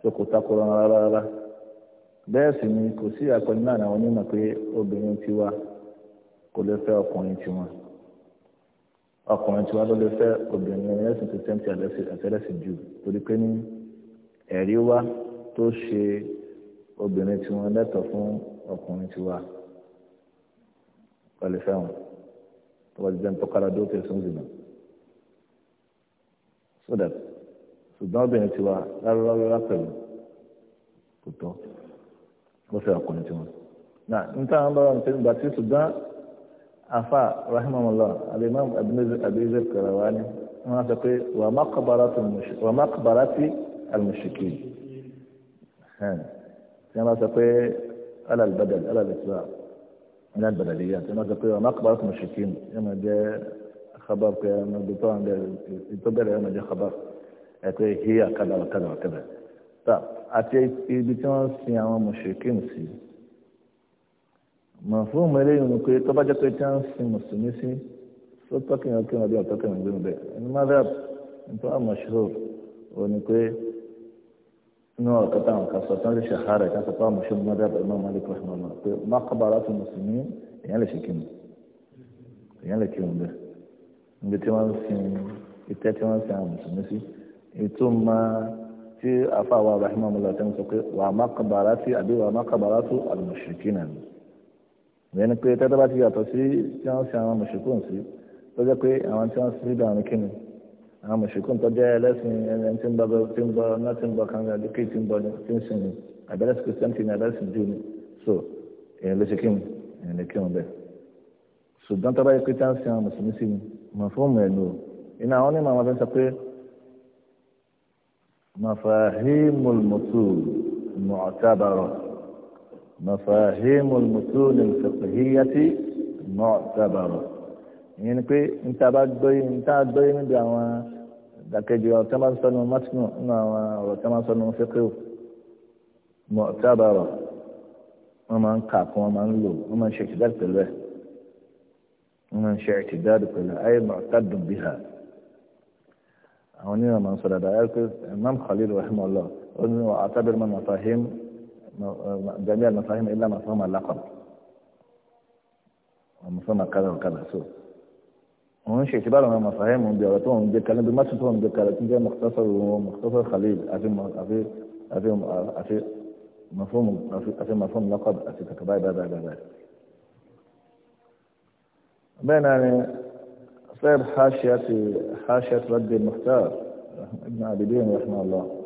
ṣe kò takò rárá rárá. bẹ́ẹ̀ sì ni kò sí àpẹẹrẹ náà àwọn onímọ̀ pé obìnrin tiwa kò lè fẹ́ ọkùnrin tiwọn ọkùnrin tiwa ló lè fẹ́ obìnrin ẹlẹ́sìn kristian ti àtẹ́lẹ́sìn jù torí pé ní ẹ̀rí wá tó ṣe obìnrin tiwọn lẹ́tọ̀ fún ọkùnrin tiwa wọ́n lè fẹ́ wọn tó wọ́n ti jẹun tó kára dókè sún ṣùgbọ́n obìnrin tiwa lárúbáwá pẹ̀lú kò tọ́. lọ́fẹ̀ẹ́ ọkùnrin tiwọn. na n ta àwọn lọ́wọ́ nípa ìgbà tí sudan afa rahimahullah alimam abdulaziz karawani wọn sọ pé wà má kọbara ti almushiki tí wọn sọ pé alalbadal alalislam من البلديات أنا ذكر ما قبلت مشركين أنا جاء خبر أنا بطلع يتبر أنا جاء خبر هي كذا وكذا وكذا طب àti ibi tí wọ́n sin àwọn mùsùlùmí sí mọ̀ fún mi eléyìí ni pé tó bá jẹ́ pé tí wọ́n sin mùsùlùmí sí tó tọ́kìyàn kí wọ́n bí ọ̀tọ́kìyàn gbé wọn bẹ́ẹ̀ ẹni mọ́dàb nípa àmọ̀ṣúrò ò ní pé inú ọ̀kọ́ táwọn kan sọ tí wọ́n lè ṣàhárẹ̀ kí wọ́n sọ pé àmọ̀ṣúrò mọ́dàb ẹ̀rọ máa lè kọ́ ẹ̀rọ máa pé mákàbàrà tó mùsùlùmí èèyàn lè ṣe kí wọn èèyàn lè kí wọn bẹ́ẹ̀ níbi tí wọ́n sin ìtẹ́ tí wọ́n sin àwọn mùsùlùmí sí ètò máa tí afáwa rahimahullah tẹ́ ń sọ pé wà á má kàbàrà sí àbí wà á má kàbàrà tó al-mushrikina ni ìyẹn ni pé tẹ́tẹ́ bá ti yàtọ̀ sí tí wọ́n sin àwọn mushrikun sí tó jẹ́ pé àwọn tí wọ́n sin síbi àwọn kíni àwọn mushrikun tó jẹ́ ẹlẹ́sìn ẹni tí ń bọ tí ń bọ náà tí ń bọ kan àdé tí ń bọ tí ń sin ni àbẹ́rẹ́sì kristianity ni àbẹ́rẹ́sì jù ni so èèyàn ló ṣe kí wọn èèyàn lè kí wọn bẹ́ẹ̀ ṣùgbọ́n tó bá مفاهيم المتون معتبرة مفاهيم المتون الفقهية معتبرة yẹn pé níta bá gbóyè níta gbóyè níbi àwọn dàkejì ọ̀rọ̀ tí wọ́n máa ń sọnù mọ́tínù nínú àwọn ọ̀rọ̀ tí wọ́n máa ń sọnù عونينا onímọ̀ máa ń إمام خليل رحمه الله Imam Khalil rahimahullah ó ní àtàbẹ̀rẹ̀ mọ́ mafahim jami'a ومفهوم كذا وكذا سوء ومش شيء اعتبار ما مفاهيمهم بيعطوهم دي كلام بما تفهم دي كلام مختصر ومختصر خليل أفي أفي مفهوم أفي مفهوم لقب أفي تكباي بابا بابا بابا بابا طيب حاشية حاشية رد المختار ابن عابدين رحمه الله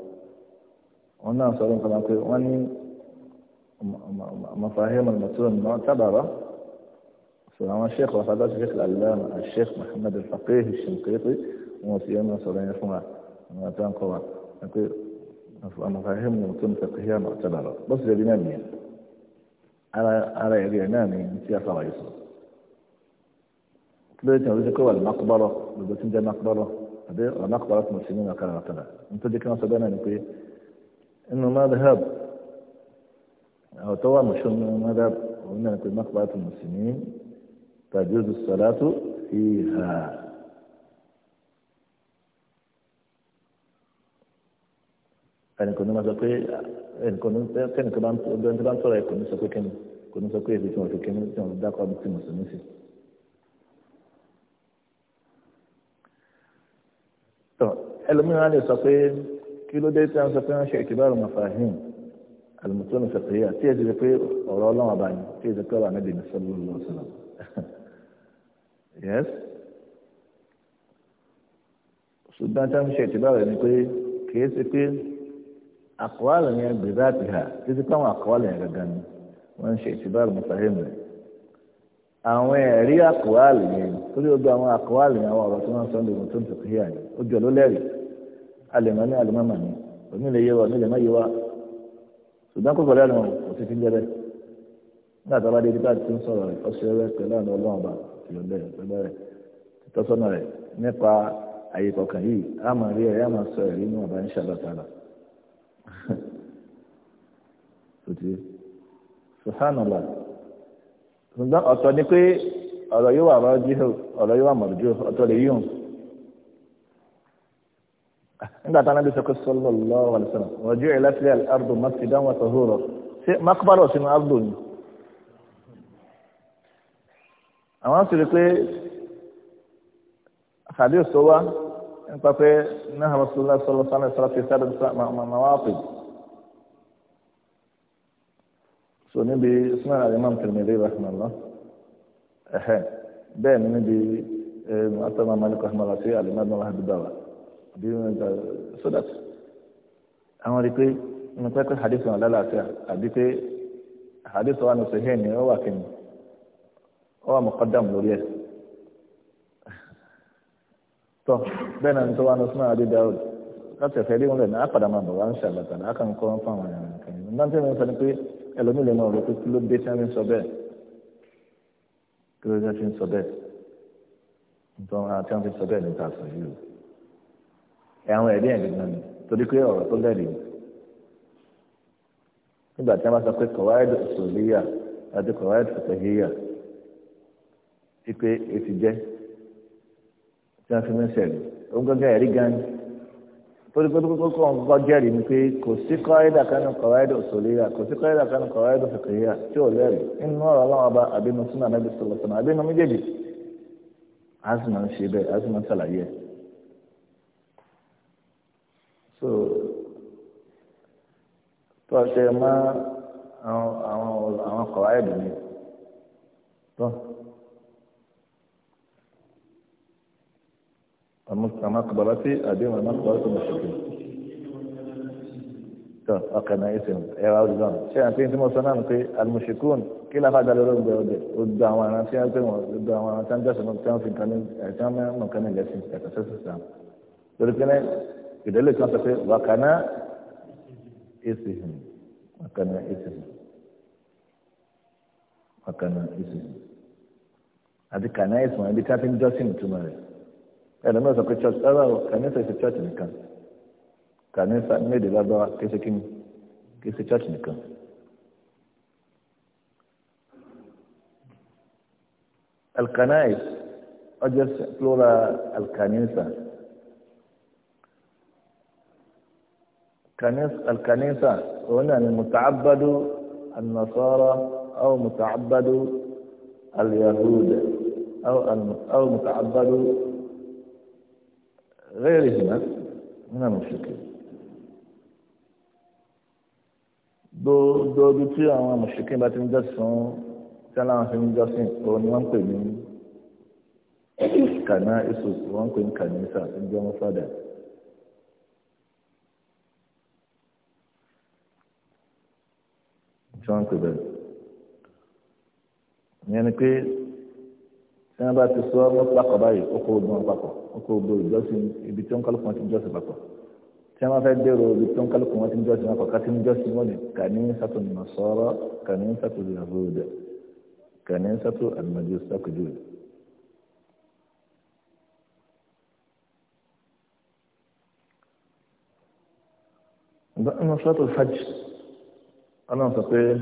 قلنا صارون كما قلت مفاهيم المتون معتبرة سلام الشيخ وفضل الشيخ الألام الشيخ محمد الفقيه الشنقيطي وموسيقى صارون يفهمها متان قوة مفاهيم المتون فقهية معتبرة بس جدينا على على يدي عمامي انتيا فرائصه lórí ìtàn ojú pé wà lọ́mọ́kúbọ́rọ̀ gbogbo tí ń jẹ́ mọ́kúbọ́rọ̀ àbí lọ́mọ́kúbọ́rọ̀ tí mo sì nínú ọ̀kadà ọ̀kadà nítorí kí wọ́n sọ bẹ́ẹ̀ náà ni pé inú madhab ọ̀tọ́ wà mọ̀ṣọ́ nínú madhab òun náà ni pé mọ́kúbọ́rọ̀ tí mo sì ní tajuzu salatu fiha. ẹnìkan ní ma sọ pé ẹnìkan ní kẹ́nìkan bá ń tọrọ ẹ̀kọ́ ní sọ pé kẹ́ni kò ní sọ pé èdè tí wọ́n fi kẹ́ni tí wọ́n dákọ̀ ọdún tí mo sì ní sí i. ẹlòmíràn lè sọ pé kí ló dé tí wọ́n sọ pé wọ́n ṣe ìtìbáàrò mafahim alimutoni fẹ̀kẹ́yà tí èdè pé ọ̀rọ̀ ọlọ́run ọba ni tí èdè pé ọ̀rọ̀ anábì ní sọ́lọ́lọ́ sọ́lọ́ yes ṣùgbọ́n tí wọ́n ṣe ìtìbáàrò ni pé kìí ṣe pé àkọọ́lẹ̀ yẹn gbèdá àti hà títí pé àwọn àkọọ́lẹ̀ yẹn gangan ni wọ́n ń ṣe ìtìbáàrò mafahim rẹ̀ àwọn ẹ̀rí àkọọ́lẹ̀ yẹn torí ó gbọ́ àwọn àkọọ́lẹ̀ yẹn àwọn ọ̀rọ̀ tí wọ́n sọ ní ìmùtọ́ni fẹ̀kẹ́yà yẹn ó jọ ló lẹ́rìí alẹ́mọ̀ ní alẹ́mọ̀ mà ní òní lè yé wa òní ṣùgbọ́n kó gbọ́dọ̀ lọ kò sí fi bá dé tí ń sọ̀rọ̀ rẹ̀ ọ̀ṣẹ́ rẹ̀ pẹ̀lú àwọn ọlọ́run ọba pẹ̀lú rẹ̀ rẹ̀ nípa kọ̀ọ̀kan yìí máa rí máa sọ ẹ̀rí inú ọba *laughs* nígbà tí anábì sọ pé sallallahu alaihi wasallam ọjọ́ ìlàsílẹ̀ al-ardu masjidan wa tahura ṣé makbaro sínú ardu ni. àwọn sì rí pé àkàdé òṣò wa nípa pé náà rasulullah sallallahu alaihi wasallam fi sáré màmáwáàpì. so níbi sunan al-imam Tirmidhi rahimahullah bẹ́ẹ̀ ni níbi àtàwọn malikọ̀ ahmed àti alimadu alhadu dawa. bí wọ́n gbà so that àwọn rí i pé wọ́n pẹ́ pé hadith wọn lálàáfíà àbí pé hadith wọn ṣe hẹ́ẹ̀ ni ó wà ni ó wà mọ̀kọ́dàmù lórí ẹ̀ tọ́ bẹ́ẹ̀ náà ní tó wà ní láti ẹ̀fẹ́ rí wọn lẹ̀ ní àpàdà bọ̀ wá ń ṣàlàtà láàkà ń kọ́ fún àwọn èèyàn kan yìí náà tí wọ́n sọ ni pé pé kí ẹ àwọn ẹ̀rí ẹ̀ gbẹ̀gbẹ̀ torí pé ọ̀rọ̀ tó lẹ́rìí nígbà tí a bá sọ pé kọ̀wáìdì sòlíyà àti kọ̀wáìdì sòtẹ̀híyà e ti pé etí jẹ́ tí wọ́n fi mí sẹ̀rí ó ń gángan ẹ̀rí gan ni torí pé kókó so tó ọṣẹ mọ àwọn àwọn àwọn kọ̀wá ẹ̀dùn mi tó àmọ́ kọ̀bọ̀lá sí àdéhùn àmọ́ kọ̀wá tó mọ̀ ṣètò tó ọkàn náà ẹsẹ̀ ẹ̀rọ ọdún ṣé àti tí mo sọ náà pé alimusikun kí láfa dalẹ̀ ló ń bẹ ọdẹ ó do àwọn ará tí wọ́n pè wọ́n ó do àwọn ará tí wọ́n jọ́sìn náà tí wọ́n fi nǹkan ní ẹ̀ tí wọ́n mọ̀ nǹkan ní ẹ̀sìn ẹ̀kọ́ sẹ́sẹ̀ sàn lórí pé ìdẹ́lẹ̀ tí wọ́n sọ pé wàkàná èsì hìn wàkàná èsì hìn wàkàná èsì hìn àti kàná èsì wọn ibi tí wọ́n fi ń jọ́sìn ìtumọ̀ rẹ̀ ẹ̀rọ mẹ́rin sọ pé church ẹ̀rọ kàná èsì church nìkan kàná èsì méde lábẹ́wá kéṣe kí ni kéṣe church nìkan. الكنائس أجلس plural الكنيسة alkanisa òun náà ni mùtàbádù anasara aw mùtàbádù aliyahud aw mùtàbádù ghayrihima nínú àwọn òṣèké dóòdù tí àwọn òṣèké bá ti ń jọ́sìn tí aláwọn fi ń jọ́sìn òun ni wọ́n ń pè ní kànáà èso wọ́n ń pè ní kànáà ìsà ìjọba fọ́dà. tí wọ́n ń pè bẹ́ẹ̀. ìyẹn ni pé tí wọ́n bá ti sọ ọ́ pápọ̀ báyìí ó kó ogun papọ̀ ó kó ogun ìjọsìn ibi tí wọ́n kálukú wọn ti ń jọ́sìn papọ̀ tí wọ́n fẹ́ dèrò ibi tí wọ́n kálukú wọn ti ń jọ́sìn papọ̀ ká ti ń jọ́sìn wọn ni kàníísàtò nàṣọ́rọ́ kàníísàtò yahudi kàníísàtò àlùmọ́jú sàkójú rẹ̀. بقى نشاط الحج أنا أقول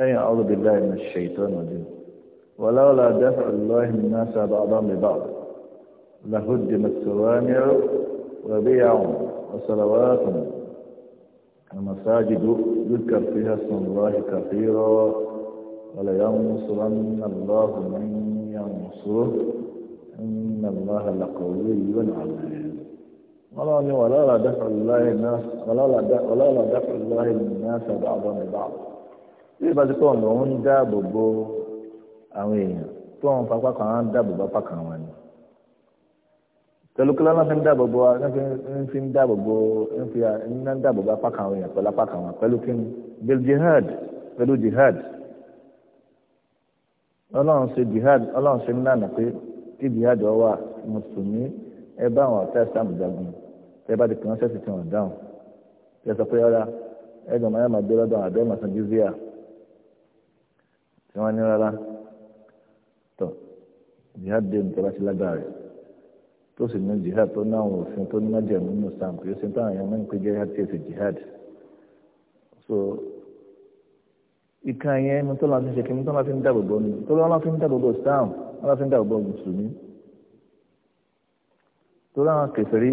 أي أعوذ بالله من الشيطان الرجيم ولولا دفع الله الناس بعضهم ببعض لهدمت صوامع وبيع وصلوات المساجد يذكر فيها اسم الله كثيرا ولينصرن الله من ينصره إن الله لقوي عزيز ọlọ́run ni wàlọ́ọ̀lá dáfà láì náà sọ̀rọ̀ àwọn ìbá bí ìbá ti pọ̀ lòun ń dáàbò bo àwọn èèyàn tó ń fa pákàn á ń dáàbò bá pákàn wọn ni tẹlukila náà fi ń dáàbò bo ń fi ń dáàbò bo ń fi ń dáàbò bá pákàn àwọn èèyàn pẹ̀lú apákàn wọn pẹ̀lú kí ni bil jihad pẹ̀lú jihad tẹ́ bá ti kàn ṣẹ́sì tí wọ́n dáhùn tẹ́ sọ pé ọ̀rá ẹ̀dùn máa ma gbé lọ́dọ̀ àbẹ́ màsán jizíà tí wọ́n ní rárá tọ̀ jihad dé nìkan bá ti lágbára rẹ̀ tó sì ní jihad tó ní àwọn òfin tó ní májèmú nínú sam kì í ṣe táwọn èèyàn máa ń jihad tí èsì jihad so ìkan yẹn mo tó láti ṣe kí mo tó láti ń dáàbò bò ní tó lọ́wọ́ láti ń dáàbò bò sam wọ́n láti ń dáàbò bò mùsùlùmí tó láwọn kèfèrí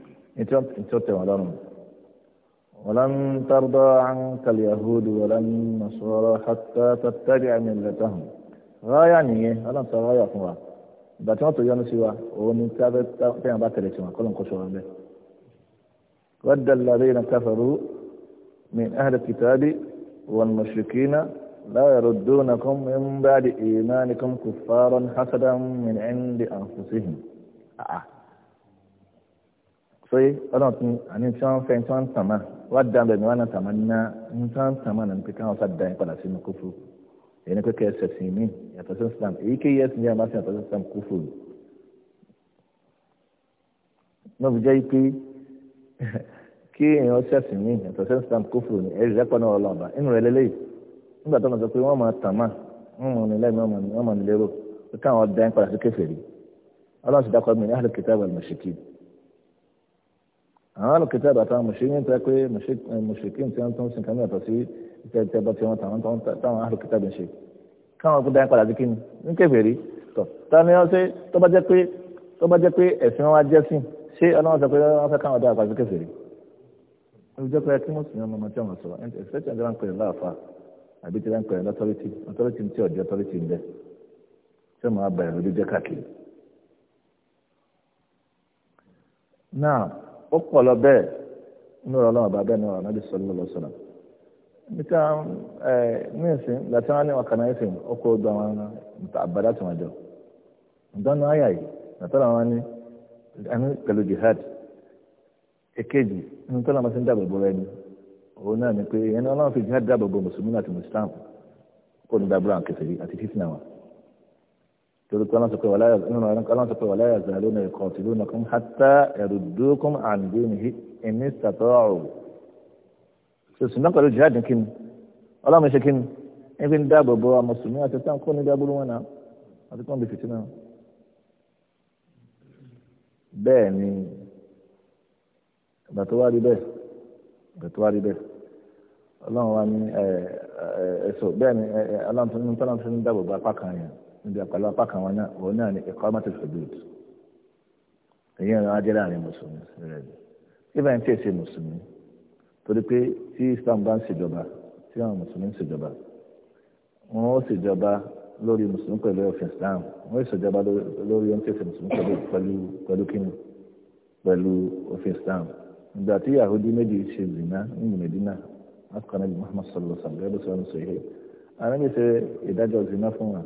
ولن ترضى عنك اليهود ولن النصارى حتى تتبع ملتهم غاية نية ألم ترى غاية فوا ìgbà tí wọ́n tó yọnu sí wa òun ni الذين كفروا من أهل الكتاب والمشركين لا يردونكم من بعد إيمانكم كفارا حسدا من عند أنفسهم. آه. sóyè ọlọ́run tún àní tí wọ́n fẹ́ tí wọ́n ń tàn máa wá dá bẹ̀rẹ̀ wọn náà tàn máa ná ní tí wọ́n ń tàn máa nà ní pé káwọn sá da yín padà sínú kófù èyí ni pé kẹ́ ẹ ṣẹ̀sìn mí yàtọ̀ sí Islam èyíkéyìí ẹ̀sìn yẹn bá sí yàtọ̀ sí Islam kófù ni. náà fi jẹ́ pé *laughs* kí èèyàn ṣẹ̀sìn mí yàtọ̀ sí Islam kófù ni ẹ̀rí rẹ́pọ̀ náà ọlọ́ọ̀bà inú rẹ̀ lélẹ́yìí nígbà tó máa sọ pé wọ́n máa tàn máa wọ́n máa nílẹ̀ wọ́n máa nílẹ̀ rò pé káwọn da yín padà sí kèfèrí ọlọ́run sì dákọ̀ mí ní àwọn alùpùpù àbàtà mùsùlùmí ń tẹ pé mùsùlùmí eh, tí wọn tó ń sin kan ní ọ̀tọ̀ sí iṣẹ́ tí ọba tí wọn tàwọn táwọn alùpùpù àbẹ̀ ṣe káwọn kúndà ń padà sí kíni ní kẹfẹ́rí tọ̀ ta ni wọ́n ṣe tó bá jẹ́ pé tó bá jẹ́ pé ẹ̀sìn wọn á jẹ́ sìn ṣé ọlọ́run sọ pé wọ́n fẹ́ káwọn dá àpá sí kẹfẹ́rí. ó jẹ́ pé kí mùsùlùmí ọmọ tí wọn sọ ẹ̀sìn tí wọn pè láàfà àbí tí wọn pè lọ́tọ́rìtì lọ́tọ́rìtì tí ọ̀jọ́ tọ́rìtì ń bẹ ṣé màá bàyà lójú jẹ́ káàkiri. ó pọ̀ lọ bẹ́ẹ̀ inú ọ̀rọ̀ náà bàbá ẹni ọ̀rọ̀ nàbí sọ̀rọ̀ lọ́wọ́ sọ̀rọ̀ níta ẹ ní ìsìn wọn ní ọkàn náà ìsìn ọkọ̀ ojú àwọn àbádá tó wọn jọ ayà yìí nàtọ́lá wọn ní ẹni pẹ̀lú jihad èkejì inú wọn ti ń òun náà ni pé ẹni ọlọ́run fi jihad mùsùlùmí àti mùsùlùmí kó ní torí kí ọlọ́run sọ pé wàlá nínú ọ̀rọ̀ kí ọlọ́run sọ pé wàlá yazaluna yuqatilunakum hatta yaruddukum an dinihi in istata'u. sòsùn náà pẹ̀lú jihad kí ni ọlọ́run ṣe kí ni ẹ fi ń dáàbò bo àwọn mùsùlùmí àti sáà kó ní dábúrú wọn náà àti kó ń bè fìtínà. bẹ́ẹ̀ ni ìgbà bẹ́ẹ̀ ìgbà bẹ́ẹ̀ ọlọ́run wa ní ẹ̀ẹ́dẹ̀ẹ́sọ níbi àpàlọ́ apá kan wọn náà òun náà ní iqamatul hudud èyí ẹ̀rọ ajẹ́ láàrin mùsùlùmí rẹ̀ ibà ń tẹ̀sí mùsùlùmí torí pé tí Islam bá ń ṣèjọba tí àwọn mùsùlùmí ń ṣèjọba wọn ó ṣèjọba lórí mùsùlùmí pẹ̀lú òfin Islam wọn ó ṣèjọba lórí ohun tẹ̀sí mùsùlùmí pẹ̀lú pẹ̀lú kíni pẹ̀lú òfin Islam ìgbà tí Yahudi méjì ṣe zina ní Medina akọ̀nàbí Muhammad sallallahu alaihi wa sallam gẹ́gẹ́ bí sọ́nù sọ̀rọ̀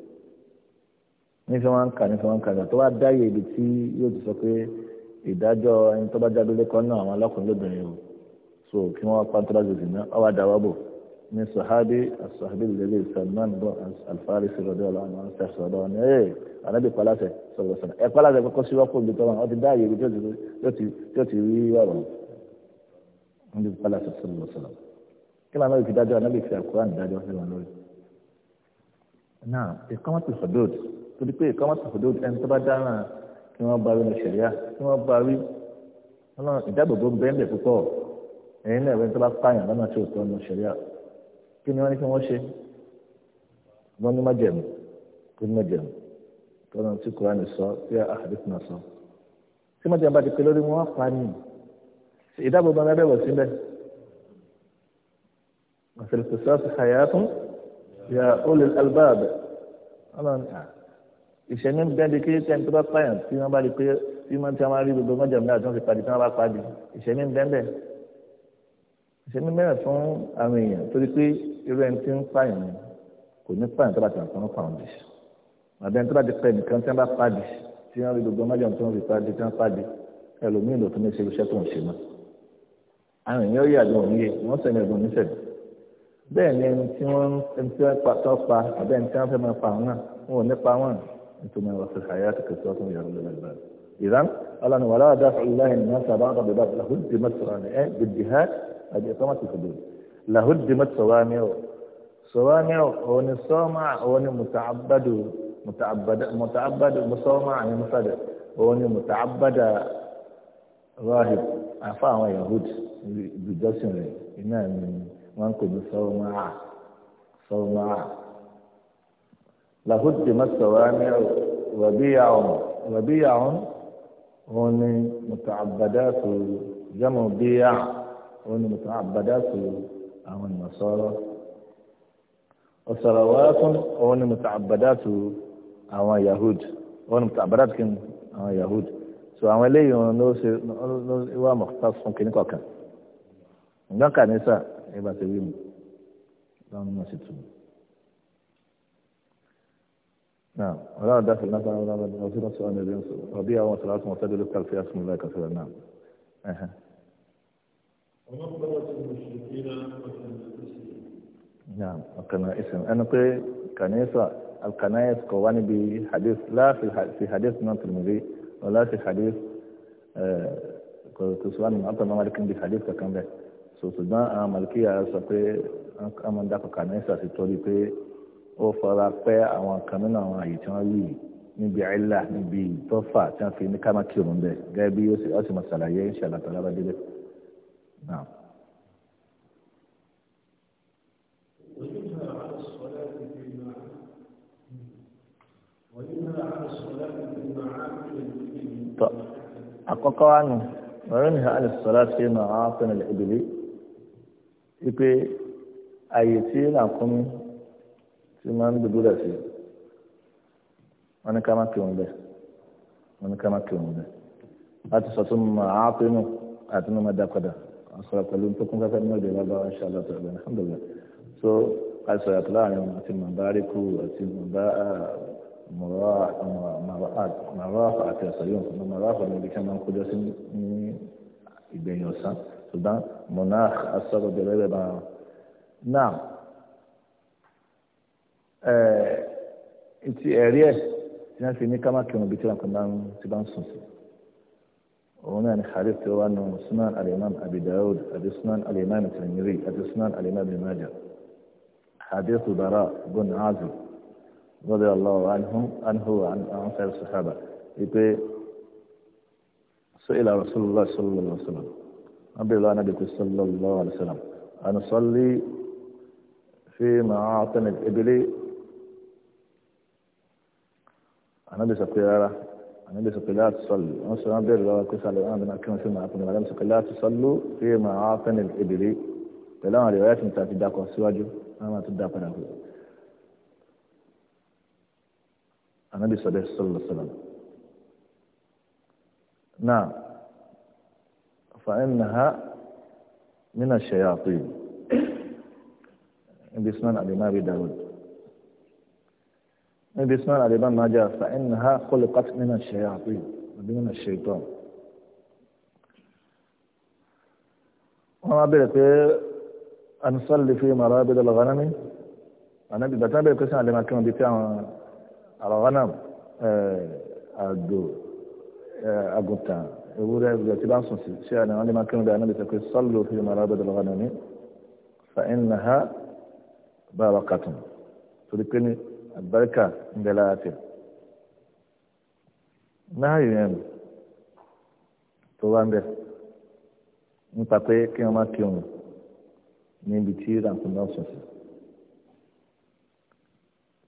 ní sọ wọn ń kà ní sọ wọn ń kà tó wá dáyé ibi tí yóò ti sọ pé ìdájọ́ ẹni tó bá jáde lẹ́kọ̀ọ́ náà àwọn alákùnrin lóbìnrin o so kí wọ́n pa tó bá zèzè náà ọwọ́ àdáwọ́ bò ní sọ̀hábí asọ̀hábí lèlè Salman bọ́ Al-Farisi rọ̀dọ̀ ọ̀làwọn àwọn sẹ́sọ̀ ọ̀dọ̀ ni ẹ̀ ànábì palasẹ̀ sọ̀rọ̀ sọ̀rọ̀ ẹ̀ palasẹ̀ kọ́kọ́ sí wọ́pọ̀ ibi tó wọn ọtí dáàyè ibi tó ti rí ọ̀rọ̀ níbi palasẹ̀ sọ̀rọ̀ sọ̀rọ̀ kí ló ànábì fi dájọ́ ànábì fi àkúrà ní dájọ́ sí wọn lórí. náà ìkọ́mọ́tì sọ̀dọ̀tì torí pé ìkọ́ mọ́tò fòdó ẹni tó bá dáná kí wọ́n bá rí ní ṣẹ̀ríà kí wọ́n bá rí ọlọ́run ìdáàbòbò bẹ́ẹ̀lẹ̀ púpọ̀ ẹ̀yin náà ẹni tó bá pààyàn lọ́nà tí ò tọ́ ní ṣẹ̀ríà kí ni wọ́n ní kí wọ́n ṣe wọ́n ní májẹ̀mú kí ní májẹ̀mú tọ́nà tí kùránì sọ tí àhàdìsì náà sọ tí májẹ̀mú bá ti pé lórí wọn pa ni ìdáàbòbò náà bẹ̀rẹ̀ síbẹ̀ àfẹ̀lẹ̀sọ̀sọ̀ ìṣẹ̀lẹ̀ jáde kí ẹni tó bá pààyàn tí wọ́n bá rí pé bí wọ́n ti máa rí gbogbo ọmọ jàmbá àti wọ́n fi pàdé tí wọ́n bá pàdé ìṣẹ̀lẹ̀ bẹ́ẹ̀ ìṣẹ̀lẹ̀ mẹ́rin fún àwọn èèyàn torí pé irú ẹni tí ń pààyàn kò ní pààyàn tó bá ti wà fún pààyàn bì àbẹ́ ẹni tó bá ti pẹ́ nìkan tí wọ́n bá pàdé tí wọ́n rí gbogbo ọmọ jàmbá tí wọ́n fi pàdé tí wọ́n pàdé ẹlòmíì ló tún ní ṣe iṣẹ́ tó ń ṣe mọ́ àwọn èèyàn yà ló ń yé wọ́n sẹ́ni ẹ̀dùn níṣẹ̀lẹ̀ bẹ́ẹ̀ ni ẹni tí wọ́n pa àbẹ́ ẹni tí wọ́n fẹ́ máa pa àwọn náà wọn ò ní pa wọn من وفي حياتك قصة يا رب العالمين إذا قال ولا دافع الله الناس بعض ببعض لهدمت صوامع بالجهاد أي إقامة الحدود لهدمت صوامع صوامع هو الصومع هو متعبد متعبد متعبد مصومع يعني مصدر هو متعبد راهب àfa àwọn yahud ibùdókòsìn rẹ̀ iná ni wọ́n làhùtì mọ́sọ̀rọ̀ ní wàbíyàwọ̀n òun ni mùtà àbàdà tó jẹ́mu bíyà òun ni mùtà àbàdà tó àwọn ìmọ̀sọ́rọ̀ ọ̀sọ̀rọ̀ wá fún òun ni mùtà àbàdà tó àwọn yahud òun ni mùtà àbàdà tó kí àwọn yahud so àwọn eléyìí wọn ló ṣe ló wà mọ̀tà fún kínní kọ̀ọ̀kan ǹgbọ́n kà ní sà ẹ bá ti wí نعم ولا داخل مثلا ولا وزير السؤال الذي ربيع وصلات معتدل يذكر في اسم الله كثيرا نعم اها نعم الكنائس أنا قي كنيسة الكنائس قواني بحديث لا في في حديث من الترمذي ولا في حديث آه، كسوان من أطلع مالك بحديث كان به سوسدان آه، مالكية آه، سقي أمن داك كنيسة في طريقه ó fara pẹ́ àwọn kan nínú àwọn àyè tí wọ́n wí níbi àìlà níbi ìtọ́fà tí wọ́n fi ní kámá kí òun bẹ̀ gẹ́gẹ́ bí ó sì mọ̀ ṣàlàyé ìṣẹ̀lẹ̀ àtàlábà délé. àkọ́kọ́ wa nù wọ́n ní alìsọ́lá ṣe nà á fẹ́ràn ìbílẹ̀ wípé àyè tí làkúnmí tí máa ń dùbúlẹ̀ sí wọn ní ká má kírun bẹ́ẹ̀ wọn ní ká má kírun bẹ́ẹ̀ láti sọ tó mọ àátínú àti mọ máa dá padà àsọ̀rọ̀ pẹ̀lú tó kún fẹ́fẹ́ nínú ìdílé bá wọn ṣàlọ́ tó ẹgbẹ́ alhamdulillah so àìsàn yàtọ̀ láàrin wọn àti mọ̀báríkù àti mọ̀bá mọ̀ráfà àti ọ̀sán yóò fún mọ̀ráfà níbi ká máa ń kójọ sí ní ìgbẹ̀yìn ọ̀sán ṣùgbọ́n mọ̀nà àsọ̀rọ̀ bẹ̀rẹ̀ bẹ̀rẹ̀ bá wọn náà Eh, ti ẹ̀rí ẹ̀ tí wọ́n fi ní kámá kírun bí tí wọn kò máa ń ti bá ń sùn sí. òun náà ni hadith tí wọ́n nù sunan alimami abi dawud àti sunan alimami tirimiri àti sunan alimami maja hadith bara bin azib rọ́dẹ̀ allahu anhu anhu an sáré sahaba wípé sọ ilà rasulillah sallallahu alaihi wa sallam wọn bẹ̀rẹ̀ lọ́wọ́ anabi sallallahu alaihi wa sallam ànusọ́lì fi màá tẹ̀lé ebile. ànábì sọ pé rárá ànábì sọ pé láti sọlù wọn sọ wọn bẹ̀rẹ̀ lọ́wọ́ pé sálọ wọn àbẹnà kí wọn sì máa pinnu ànábì sọ pé láti sọlù pé màá fẹ́ni èbèrè pẹ̀lú àwọn ìrẹ̀wẹ̀ tí mo ta ti dakọ̀ síwájú wọn máa tún da padà pé ànábì sọ bẹ́ẹ̀ sọlù sọlù náà fàáyìn nàá nínà ṣẹ̀yà àpè ibi sunan àbí náà bí dàrú. من بسم الله الرحمن الرحيم فإنها خلقت من الشياطين من الشيطان وما بيرك أن نصلي في مرابد الغنم أنا بيتنا بيرك سنة لما كنا بيتنا الغنم أدو أغتان يقول يا بيتي بان سنسي سيانا لما كنا بيتنا بيتك صلوا في مرابد الغنم فإنها باركة albarka da lafiya Na yìí ẹnu tó wá bẹ nípa pé kí wọn má kí níbi tí ràǹkùn náà sùn sí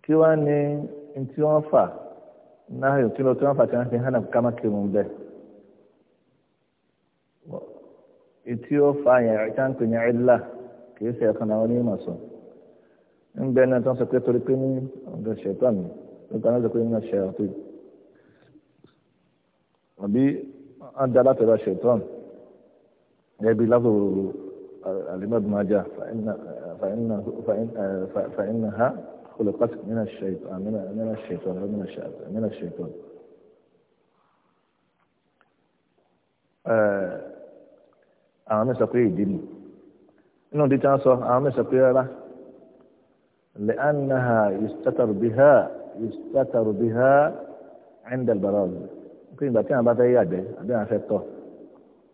kí wọn ní tí wọn fà na yìí kí ló tí wọn fa yẹn pè ní kì í ṣe náà ní ń bẹ náà tí wọ́n sọ pé torí pé ní ọ̀dọ̀ ṣètò àmì nípa náà sọ pé ní ọ̀ṣẹ̀ àti àbí wọ́n dá láti ọ̀dọ̀ ṣètò àmì ẹbí lásòrò alimadu maja fàìnà ha kólókàtì nínú ṣètò àmì nínú ṣètò àmì nínú ṣètò àmì. àwọn mẹ́sàn ìdí ni inú ìdí tí wọ́n sọ àwọn mẹ́sàn rárá. لأنها يستتر بها يستتر بها عند البراز pé ìgbà tí àwọn bá fẹ́ yàgbẹ́ àbí àwọn fẹ́ tọ̀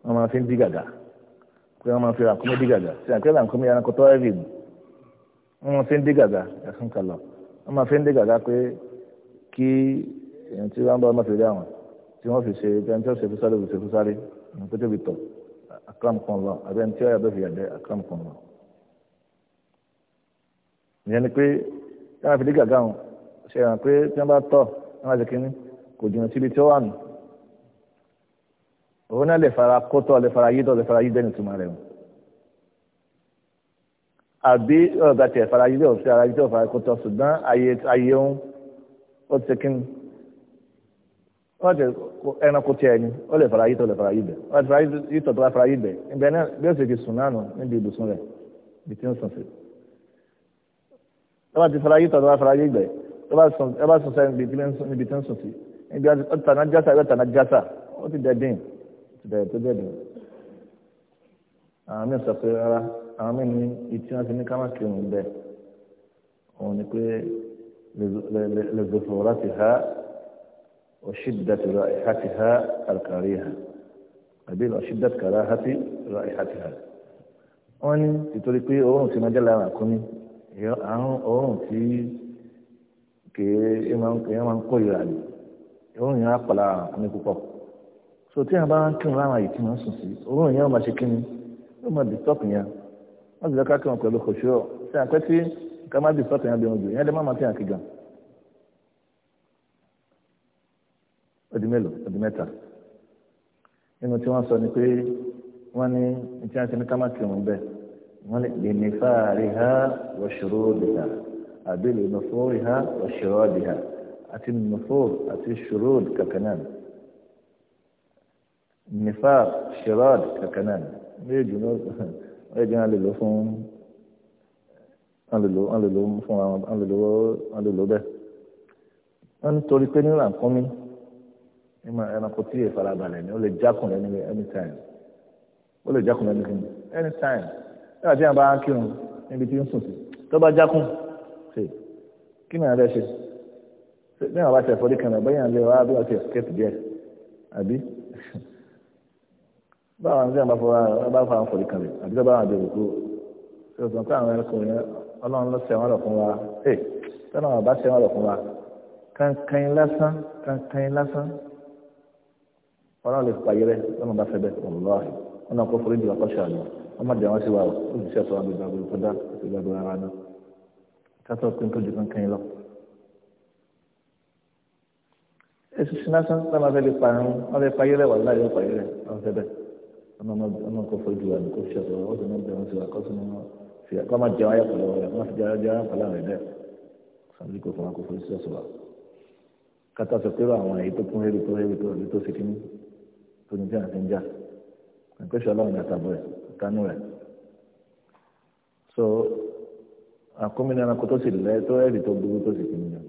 wọ́n máa fi ń dí gàgà pé wọ́n máa fi rànkúmí dí gàgà tí àǹkẹ́ rànkúmí ẹranko tọ́ ẹ̀rì mu wọ́n máa fi ń dí gàgà ẹ̀sùn kalọ̀ wọ́n máa fi ń dí gàgà pé kí èyàn tí wọ́n bá ọmọ fi rí àwọn tí wọ́n fi ṣe ẹni tí wọ́n ṣe fúsáré fi ṣe fúsáré ẹni tó tóbi tọ̀ àkàràmù kan lọ àbẹ́ni tí wọ́n yàgbẹ́ fi yàgbẹ́ àkàràmù kan lọ ìyẹn ni pé tí wọ́n fi dé gàgà wọn ṣe hàn pé tí wọ́n bá tọ̀ wọ́n máa ṣe kínní kò jìnnà síbi tí ó wà nù òun náà lè fara kótó lè fara yídọ̀ lè fara yídọ̀ nítumọ̀ rẹ̀ wọn àbí ọ̀gá tiẹ̀ fara yídọ̀ sí ara yídọ̀ fara kótó ṣùgbọ́n ayé ayé òun ó ti kínní wọ́n ti ẹranko tiẹ̀ ni ó lè fara yídọ̀ lè fara yídọ̀ wọ́n ti fara yídọ̀ tó bá fara yídọ̀ ibẹ̀ náà bí ó sì fi sùn náà nù níbi ibùsùn rẹ̀ bí tí ń sùn sí i ẹ bá ti fara yìí tọ̀ ẹ bá fara yìí gbẹ ẹ bá sùn sẹ́yìn níbi tí ń sùn sí níbi ọ̀tàná jásà ẹ̀ ọ̀tàná jásà ó ti dẹ̀ dín ti dẹ̀ tó dẹ̀ dín. àwọn míì sọ pé rárá àwọn míì ní ìtí wọn ti ní kámá kírun bẹ́ẹ̀ òun ni pé lẹ́zọ̀fọ̀ láti ha وشدة رائحتها الكريهة قبيل وشدة كراهة رائحتها. wọ́n ní nítorí pé òórùn ti máa jẹ́ lára àkúnni yọ àwọn òórùn tí kèé máa ń kó ìrà ni òórùn yẹn á pàlà àmì púpọ̀ so tí wọn bá ń kírun láwọn àyè tí wọn sùn sí òórùn yẹn wọn máa ṣe kíni yóò máa dìtọ́pù yẹn wọn sì lọ ká kírun pẹ̀lú kòṣó ṣe àpẹ́ tí nǹkan má dìtọ́pù yẹn bí wọn jù yẹn lè má máa fi hàn kígan. odi mélòó odi mẹ́ta nínú tí wọ́n sọ ni pé wọ́n ní ní tí wọ́n ní ká má kírun bẹ́ẹ̀ wọ́n lè lè nífà rí ha wọ́ṣọ̀rọ̀ òdì ha àbí lè nùfọ́ rí ha wọ́ṣọ̀rọ̀ òdì ha àti nùfọ́ àti ṣòro òdì kankan náà nífà ṣòro òdì kankan náà méjì náà méjì náà lè lò fún wọ́n lè lò wọ́n lè lò wọn wọ́n pé nínú àkọ́mí ìmọ̀ ẹranko tí ìfarabalẹ̀ ni ó lè jákùn lẹ́nu anytime ó lè jákùn lẹ́nu anytime nígbà tí àbá kírun níbi tí ń sùn sí tó bá jákùn sí kí ni àbẹ ṣe bí àwọn bá ti ẹ̀fọ́dí kan bẹ́yìn àlẹ́ wa bí wọ́n ti ẹ̀kẹ́tì díẹ̀ àbí báwọn ní àwọn bá fọ àwọn fọ̀dí kan rẹ̀ àbí tó bá wọn àjọ òkú ṣe òsàn pé àwọn ẹranko yẹn ọlọ́run ló ṣe wọn lọ fún wa ẹ tọ́nà wọn bá ṣe wọn lọ fún wa kankan lásán kankan lásán ọlọ́run lè pàyẹ́rẹ́ lọ́nà bá fẹ́ bẹ́ẹ̀ ọ̀lọ́ọ̀hìn ọ̀nà kò forí jù wá kọ́ṣọ́ àná ọmọdé àwọn ṣe wà ó olùṣẹ́ sọ àgbègbè àgbègbè tó dá ìgbàgbọ́ ara náà kátó pé tó ju kankan lọ. èsì sinasa náà máa fẹ́ lè parun wọ́n fẹ́ fayé rẹ̀ wà láyé ó fayé rẹ̀ wọ́n fẹ́ bẹ̀ ọmọ kò fojú wa ní kò ṣe ọ̀rọ̀ ó sì ní bẹ̀rù sí wa kó sì ní wọn fi kọ́ máa jẹun ayé pẹ̀lú ọ̀rẹ́ wọ́n fi jẹun ayé pẹ̀lú ọ̀rẹ́ dẹ̀ sàmúlì kò fọwọ́ kò fojú sí ọ̀sọ̀ wa kátó sọ pé àwọn èyí tó kún rẹ̀ tó rẹ̀ tó rẹ̀ tó sì kíní tó ní jẹ́ àti ń jà nǹkan ṣọlọ́run kankan nù so àkómìnira ẹranko tó sì lẹ́ tó ẹ̀rì tó burú tó sì kì í yàn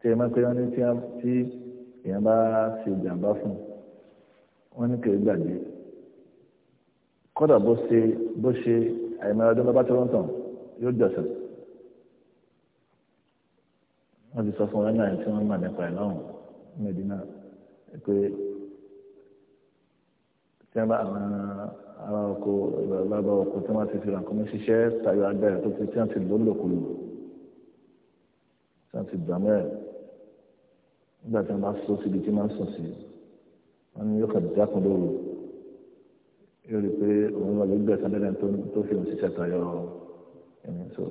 tí ẹ máa pé wọ́n ní tí èèyàn bá ṣe ìjàmbá fún wọ́n ní kèrè gbàgbé kódà bó ṣe bó ṣe àìmọ́ ọdún bábá tó ń tàn yóò jọ̀sẹ̀ wọ́n ti sọ fún wọn náà tí wọ́n mà nípa ẹ̀ lọ́hùn-ún mẹ́dínà pé tí wọ́n bá àwọn ará oko bàbá oko tí wọ́n ti fi rànkúnmí ṣiṣẹ́ tayọ agbára tó ti tí wọ́n ti lólòkulò tí wọ́n ti dààmú ẹ̀ nígbà tí wọ́n bá sọ síbi tí wọ́n sùn sí wọ́n ní yóò kàn dákun lóru yóò rí i pé òun lọ lè gbé ẹ̀sán lẹ́nu tó fi hàn ṣiṣẹ́ tayọ ẹ̀mí so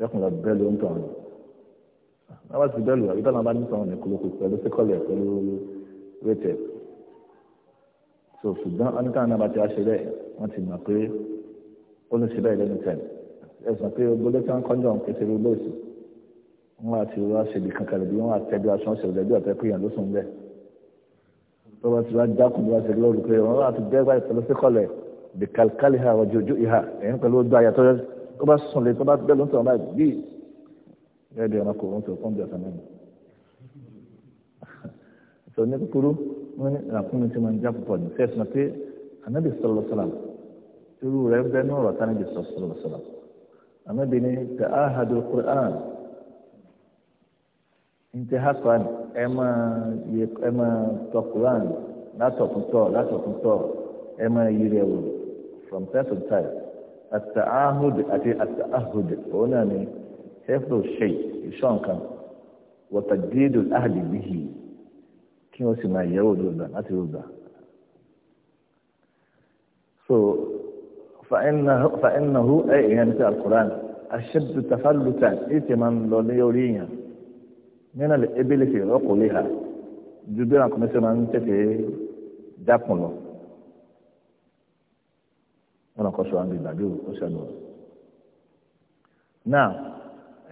yọkùn lọ bẹ́ẹ̀ ló ń tọ̀ ọ́nà wọ́n bá ti bẹ́ẹ̀ lù àbí táwọn bá ní tọ̀ ọ́nà kúlókù pẹ̀lú síkọ́lẹ̀ pẹ̀lú wẹ́tẹ̀ẹ́ so ṣùgbọ́n oníkàwọn náà bá ti wá ṣe bẹ́ẹ̀ wọ́n ti mọ̀ pé ó lè ṣe bẹ́ẹ̀ lẹ́nu tẹ̀ ẹ̀sùn pé gbọ́dọ̀ tí wọ́n kọ́ńdọ̀ ń pèsè ló lóòsì wọ́n á ti wá ṣe ibì kankan lẹ́bi wọ́n á tẹ́bi aṣọ ṣe lẹ́bi ọ̀tẹ́ pé yàn ló sùn bẹ́ẹ̀ tó bá ti wá dákùn bí wọ́n ṣe lóru pé wọ́n á ti dẹ́gbà ìpẹ́lú sí kọ́lẹ̀ bí kàlkálì ha ọjọ́ ojú ìhà ẹ̀yìn pẹ̀lú ojú àyà tó bá sùn lé tó bá bẹ́ẹ̀ ló ń sọ̀rọ̀ báyìí bíi ẹ̀ẹ́dì ọ̀nà kò ń sọ̀rọ̀ kọ́ńdọ̀ ọ̀sán mẹ́rin wọ́n ní ràkúnmí tí mo ń já púpọ̀ ní fẹ́ẹ́ sọ pé ànábì sọlọ sọlá irú rẹ̀ bẹ́ẹ̀ ní ọ̀rọ̀ tánábì sọlọ sọlá ànábì ní tẹ áhàdù Qur'an ntẹ hasan ẹ máa yẹ ẹ máa tọ Qur'an látọ̀kùntọ̀ látọ̀kùntọ̀ ẹ máa yí rẹ̀ wò from time to time àtàhùd àti àtàhùd òun náà ni hefro shey ìṣọ̀nkan wọ́tàdídùn áhàdì bìhì kí wọ́n sì máa yẹ̀wò lóògbà láti lóògbà. so fa'innahu ẹ̀ ìyẹn ti alukuran aṣẹ́dù tafalutan èyí ti máa ń lọ ní orí yẹn nínú ebile fi rọ́pò léha ju bí wọn kò máa ń tètè dákun lọ wọn kò sọ àwọn ìgbàdo ó sọnù náà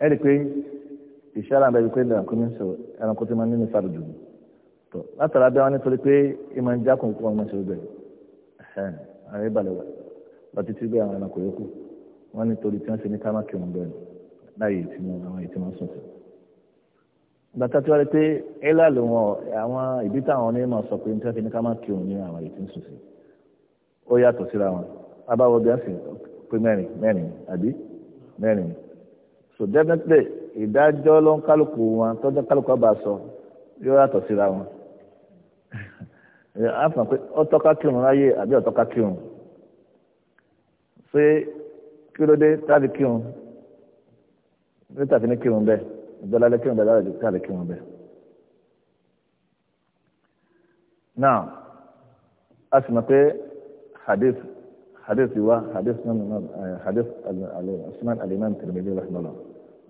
ẹ rí i pé ìṣára bẹ́ẹ̀ bí pé ẹranko ti máa ń ní ní tó látara bí wọn nítorí pé ìmọ̀ ń jákùn kó wọn ṣe bẹ̀rẹ̀ ẹ̀hẹ́n ààrẹ balẹ̀ wà lọ́tí tí bẹ́ẹ̀ àwọn ẹranko yòókù wọn nítorí tí wọ́n ṣe ní ká má kí wọn bẹ̀rẹ̀ láàyè tí wọn àwọn èyí tí wọ́n sùn sí. bàtà tí wọ́n rí pé ẹ́là ló wọn àwọn ìbí táwọn onímọ̀ sọ pé tí wọ́n ṣe ní ká kí wọn ní àwọn èyí tí ń sùn ó yàtọ̀ síra wọn abáwọ̀ so definitely ìdájọ́ ló ń kálukú wọn tọ́jú kálukú ọba sọ yóò yàtọ̀ síra wọn a fún pé ọtọ́ká láyé àbí ọtọ́ká kírun ṣé kí ló dé ní tàbí ní kírun bẹ́ẹ̀ ìdọ́lálẹ́ kírun bẹ́ẹ̀ láti táàbí kírun bẹ́ẹ̀. náà a sì mọ̀ pé hadith hadith wa hadith náà hadith asunan alimam Tirmidhi rahimahullah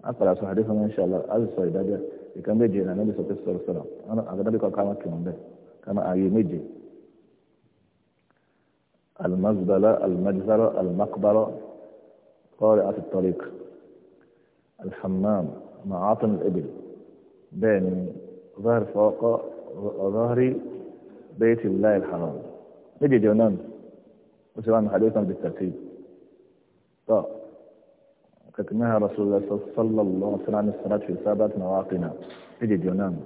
a kpara sọ hadith náà insha a sọ ìdájọ́ ìkànnì méjì ìlànà ìbísọ̀ pé sọ̀rọ̀ sọ̀rọ̀ àwọn àgbàdo bí kò ká كما أي مجي المزبلة المجزرة المقبرة قارعة الطريق الحمام معاطن الإبل بين ظهر فوق ظهر بيت الله الحرام مجي جونان وسواء حديثا بالترتيب طب كتمها رسول الله صلى الله عليه وسلم عن الصلاة في سبعة مواطن نجي جونان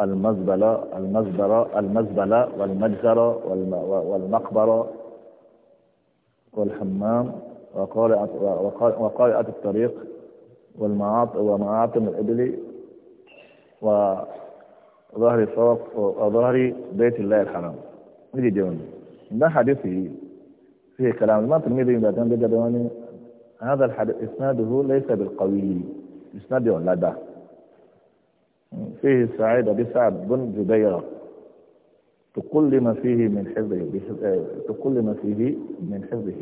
المزبلة المزبرة المزبلة والمجزرة والمقبرة والحمام وقارئة الطريق ومعاطم الإبل وظهر صوف وظهر بيت الله الحرام يجي جوني ده حديثي فيه كلام ما تلميذي بعدين بيجي هذا الحديث إسناده ليس بالقوي إسناده لا ده فيه سعيد أبي سعد بن جبيرة تقول ما فيه من حزبه تقول ما فيه من حزبه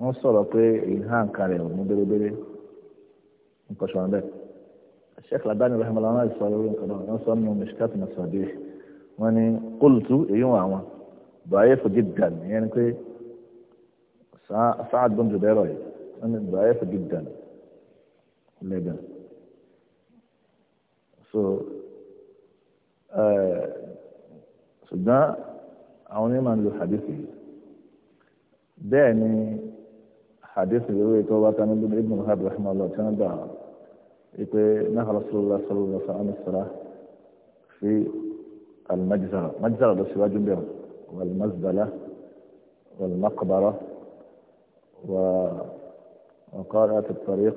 نصر أبي إلهان كاريو مدري بري مقشوان بك الشيخ لباني رحمه الله نعيز صاروين كده نصر من مشكات مصابيح واني قلت ايو عما ضعيف جدا يعني كي سعد بن جبيرة ضعيف جدا لذا so ṣùgbọ́n àwọn onímọ̀ ń lo hadithi bẹ́ẹ̀ ni hadithi lórí ètò ọba kan níbi ibn Wahab rahimahullah tí wọ́n gbà wípé náà rasulullah sallallahu alaihi wa sallam fi al-majzara majzara lọ síwájú bẹ́ẹ̀ wal-mazdala wal-maqbara wa وقارعة الطريق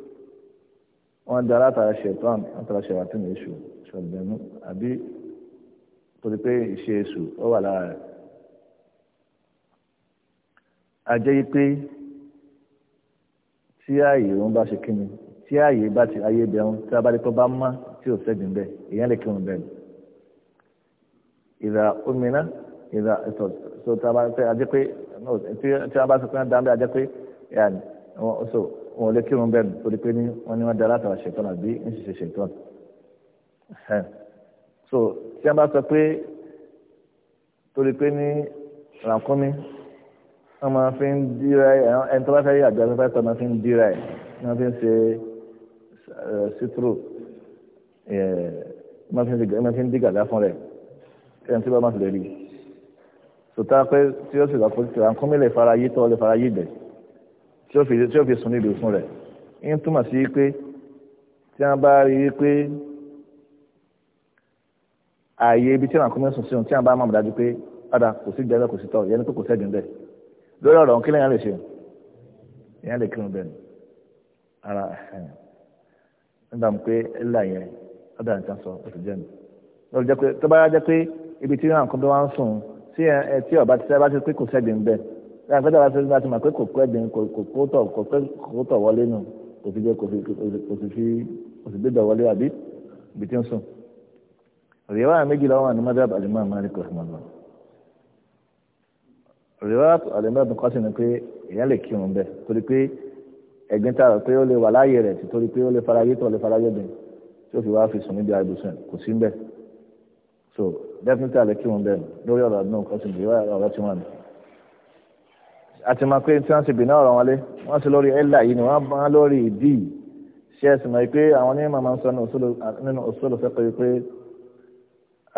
wọ́n dá látara ṣẹ̀tàn látara ṣẹ̀wàtìmù èṣù ṣọ̀gbẹ́nu àbí torí pé ìṣe èṣù ó wà lára rẹ̀. àjẹ́ yìí pé tí ààyè òun bá ṣe kí ni tí ààyè bá ti ayé bẹ̀rùn tí a bá rí pé bá má tí ò fẹ́ gbìn bẹ́ẹ̀ èèyàn lè kírun bẹ́ẹ̀ ìdá omínà ìdá ìtọ̀ tó tá a bá fẹ́ àjẹ́ pé tí a bá sọ pé dáńbẹ́ àjẹ́ pé yàrá so wọn lè kírun bẹ́ẹ̀ torí pé ní wọ́n ní wọ́n dá látara ṣètọ́n àbí ń ṣiṣẹ́ ṣètọ́n so tí wọ́n bá sọ pé torí pé ní ràkúnmí wọ́n máa fi ń dira ẹ̀ ẹni tó bá fẹ́ yí àjọ afẹ́fẹ́ tó máa fi ń dira ẹ̀ wọ́n fi ń ṣe sítúrò wọ́n fi ń dìgà láfún rẹ̀ kí ẹni tí wọ́n máa fi lè rí sòtá pé tí ó sì ràkúnmí lè fara yí tọ́ lè fara yí bẹ̀ẹ́ tí ó fi tí ó fi sùn nílùú fún rẹ̀ ń túmọ̀ sí pé tí wọ́n bá rí i pé ààyè ibi tí wọn kọ́ mẹ́sùn sí ohun tí wọ́n bá mọ̀ dájú pé padà kò sí jẹ́rẹ́ kò sí tọ̀ yẹn ni pé kò sẹ́gun bẹ́ẹ̀ lórí ọ̀rọ̀ òun kí lèèyàn lè ṣe ìyẹn lè kírun bẹ́ẹ̀ ni ara nígbà mú pé ẹ̀là yẹn ọ̀dà nìkan sọ oṣù jẹ́ mi lọ́dọ̀ jẹ́ pé tó bá yá jẹ́ pé ibi tí wọn kọ́ bí ń sùn tí ọ̀bá láti fẹ́ẹ́ dábàá sọ́dún láti mọ̀ pé kò kọ́ ẹ̀dín kò kó tọ̀ kò kó tọ̀ wọlé nù kò fi jẹ́ kò fi kò sì fi kò sì gbégbà wọlé àbí ibi tí ń sùn. rìwá méjì làwọn àni mọ́tò àbàlí máa máa rí kò fún ọlọ́. rìwá àlẹ́mọ́ ẹ̀dùn kọ́sìn ni pé èèyàn lè kírun bẹ́ẹ̀ torí pé ẹ̀gbin tá a pé ó lè wà láàyè rẹ̀ torí pé ó lè farayé tó lè farayé bẹ̀ tí ó fi wá fi sùn níbi àìbùsùn kò sí bẹ́ẹ̀ so definitely àlẹ́ kírun bẹ́ẹ̀ lórí ọ̀rọ̀ àdúnnà kọ́sìn rìwá ọ̀rọ̀ àti máa pé tí wọ́n ti bìnná ọ̀rọ̀ wọn lé wọ́n ti lórí ẹ̀là yìí ni wọ́n bá lórí ìdí ṣe é sì mọ̀ pé àwọn onímọ̀ máa ń sọ nínú òṣèlú fẹ́kọ̀ọ́ pé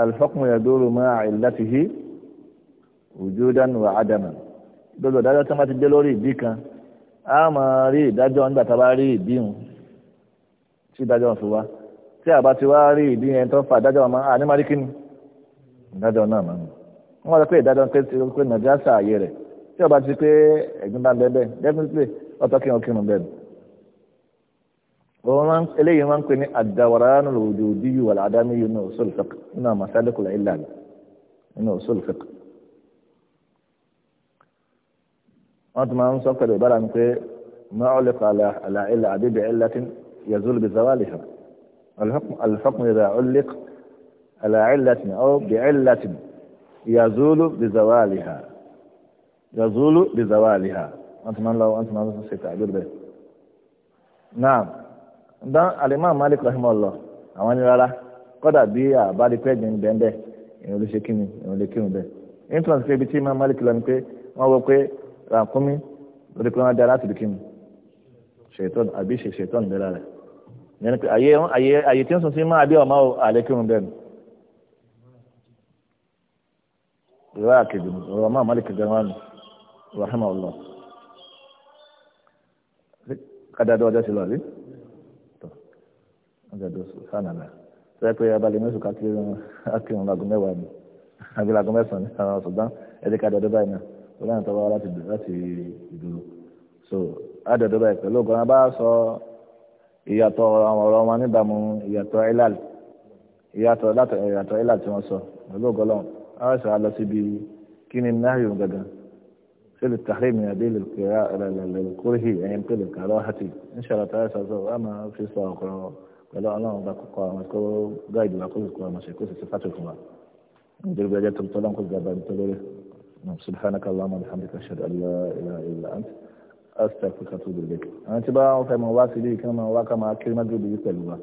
al-hukmu yaduru ma'a illatihi wujudan wa adaman gbogbo ìdájọ́ tí wọ́n bá ti dé lórí ìdí kan a máa rí ìdájọ́ nígbà tá a bá rí ìdí hùn tí ìdájọ́ fi wá tí a bá ti wá rí ìdí yẹn tó fa ìdájọ́ ọmọ máa ń tí ọba ti pé ẹ̀gbìn bá ń bẹ bẹ́ẹ̀ definitely ọ̀tọ́ kí wọn kírun bẹ́ẹ̀ wọ́n máa ń eléyìí máa ń pè ní àdàwáránù lòdì yìí wà láàdámí yìí nínú usul fiqh nínú àmàsálẹ́kùlà ìlànà nínú usul fiqh. wọ́n ti máa ń sọ pẹ̀lú ìbára ní pé máa ń lè fa àlàílà àbíbí ẹ̀lẹ́tìn yazul bí zawali ha alhukmu idha ulliq àlàílà tìǹ ọ́ bí ẹ̀lẹ́tìn yazul bí yazulu bi zawaliha wọ́n ti máa ń lọ wọ́n ti máa ń ṣe tàbí bẹ́ẹ̀. náà dán alimami malik rahimahullah àwọn ní rárá kọ́dà bí àbádìpẹ́ jìn bẹ́ẹ̀ bẹ́ẹ̀ èèyàn ló ṣe kíni èèyàn lè kírun bẹ́ẹ̀. intrant pé ibi tí imam malik lọ ni pé wọ́n wọ pé ràkúnmí lórí pé wọ́n dá láti bí kíni ṣètọ́n àbí ṣe ṣètọ́n bẹ́ẹ̀ rárá. ìyẹn pé àyè àyè àyè tí ń sùn sí máa àbí ọ̀ma àlẹ́ kírun bẹ́ẹ̀ ni. ìwà àkejì ọ̀rọ̀ máa malik gan-an rahimahullah adájọ́ ọjọ́ ṣe lọ rí ọjọ́ sànàlà tó yẹ pé abalẹ̀ mẹ́sùn kákìrún lagun mẹ́wàá ni àbí lagun mẹ́sàn-án ní àwọn ṣùgbọ́n ẹ̀dí ká dọ̀dọ̀ báyìí náà tó láyìn tọ́wọ́ láti ìdúró so adọ̀dọ̀ báyìí pẹ̀lú ògùn abá sọ ìyàtọ̀ àwọn ọ̀rọ̀ wọn níbàámu ìyàtọ̀ ilal ìyàtọ̀ ìyàtọ̀ ilal tí wọ́n sọ pẹ̀lú ògùn so àwọn ìṣòro lọ síbi kí ni náírà gàgàn سبيل التحريم من دليل يعني كل الكراهة إن شاء الله تعالى سأزور أما في صلاة أخرى قالوا أنا أبقى قوام أذكر قايد وأقول القوام أشيكوس صفات القوام ندير بجاء تبطلان قد زبان تلوله سبحانك اللهم وبحمدك أشهد أن لا إله إلا أنت أستغفرك أتوب إليك أنا تبا في مواسي لي كما واقع مع كلمة جو بيجي تلوها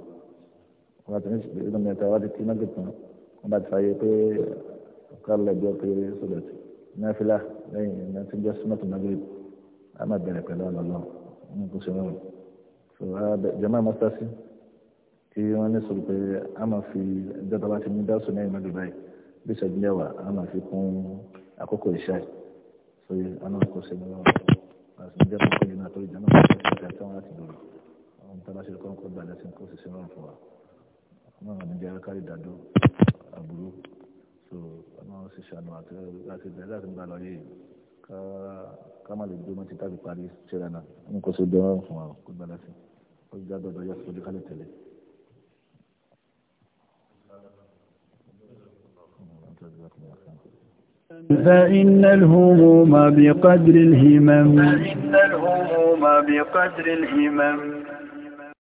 واتنش بإذن الله تعالى كلمة جبتنا وبعد فايقي قال لي بيوقي صدرتي نافلة lẹ́yìn iná tí jẹ́ súnmọ́tò magrib a máa bẹ̀rẹ̀ pẹ̀lú ọ̀nà lọ kò wọn so jama mọ́tàsí kí wọ́n ní sọ̀rọ̀ pé a máa fi dọ́tà bá ti ní dáṣọ lẹ́yìn bí a máa fi kún àkókò ìṣá so a náà kò sí wọn àti ìjẹ́ kókó yìí náà tó ìjẹ́ àwọn so ọlọ́run sì ṣàánú àti láti bẹ̀rẹ̀ láti gbà lọ yìí ká ká má lè gbé mọ́tì tàbí parí ṣẹlẹ̀ náà n kò so dán fún wa kó gbà láti ó gbà dọ̀dọ̀ yẹ kó dúkálẹ̀ tẹ̀lé. فإن الهموم بقدر الهمم فإن الهموم بقدر الهمم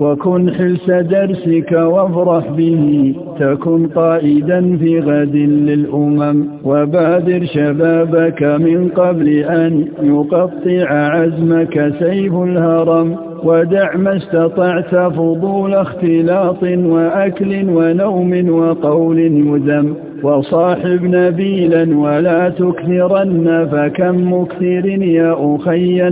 وكن حلس درسك وافرح به تكن قائدا في غد للأمم وبادر شبابك من قبل أن يقطع عزمك سيف الهرم ودع ما استطعت فضول اختلاط وأكل ونوم وقول مذم وصاحب نبيلا ولا تكثرن فكم مكثر يا أخي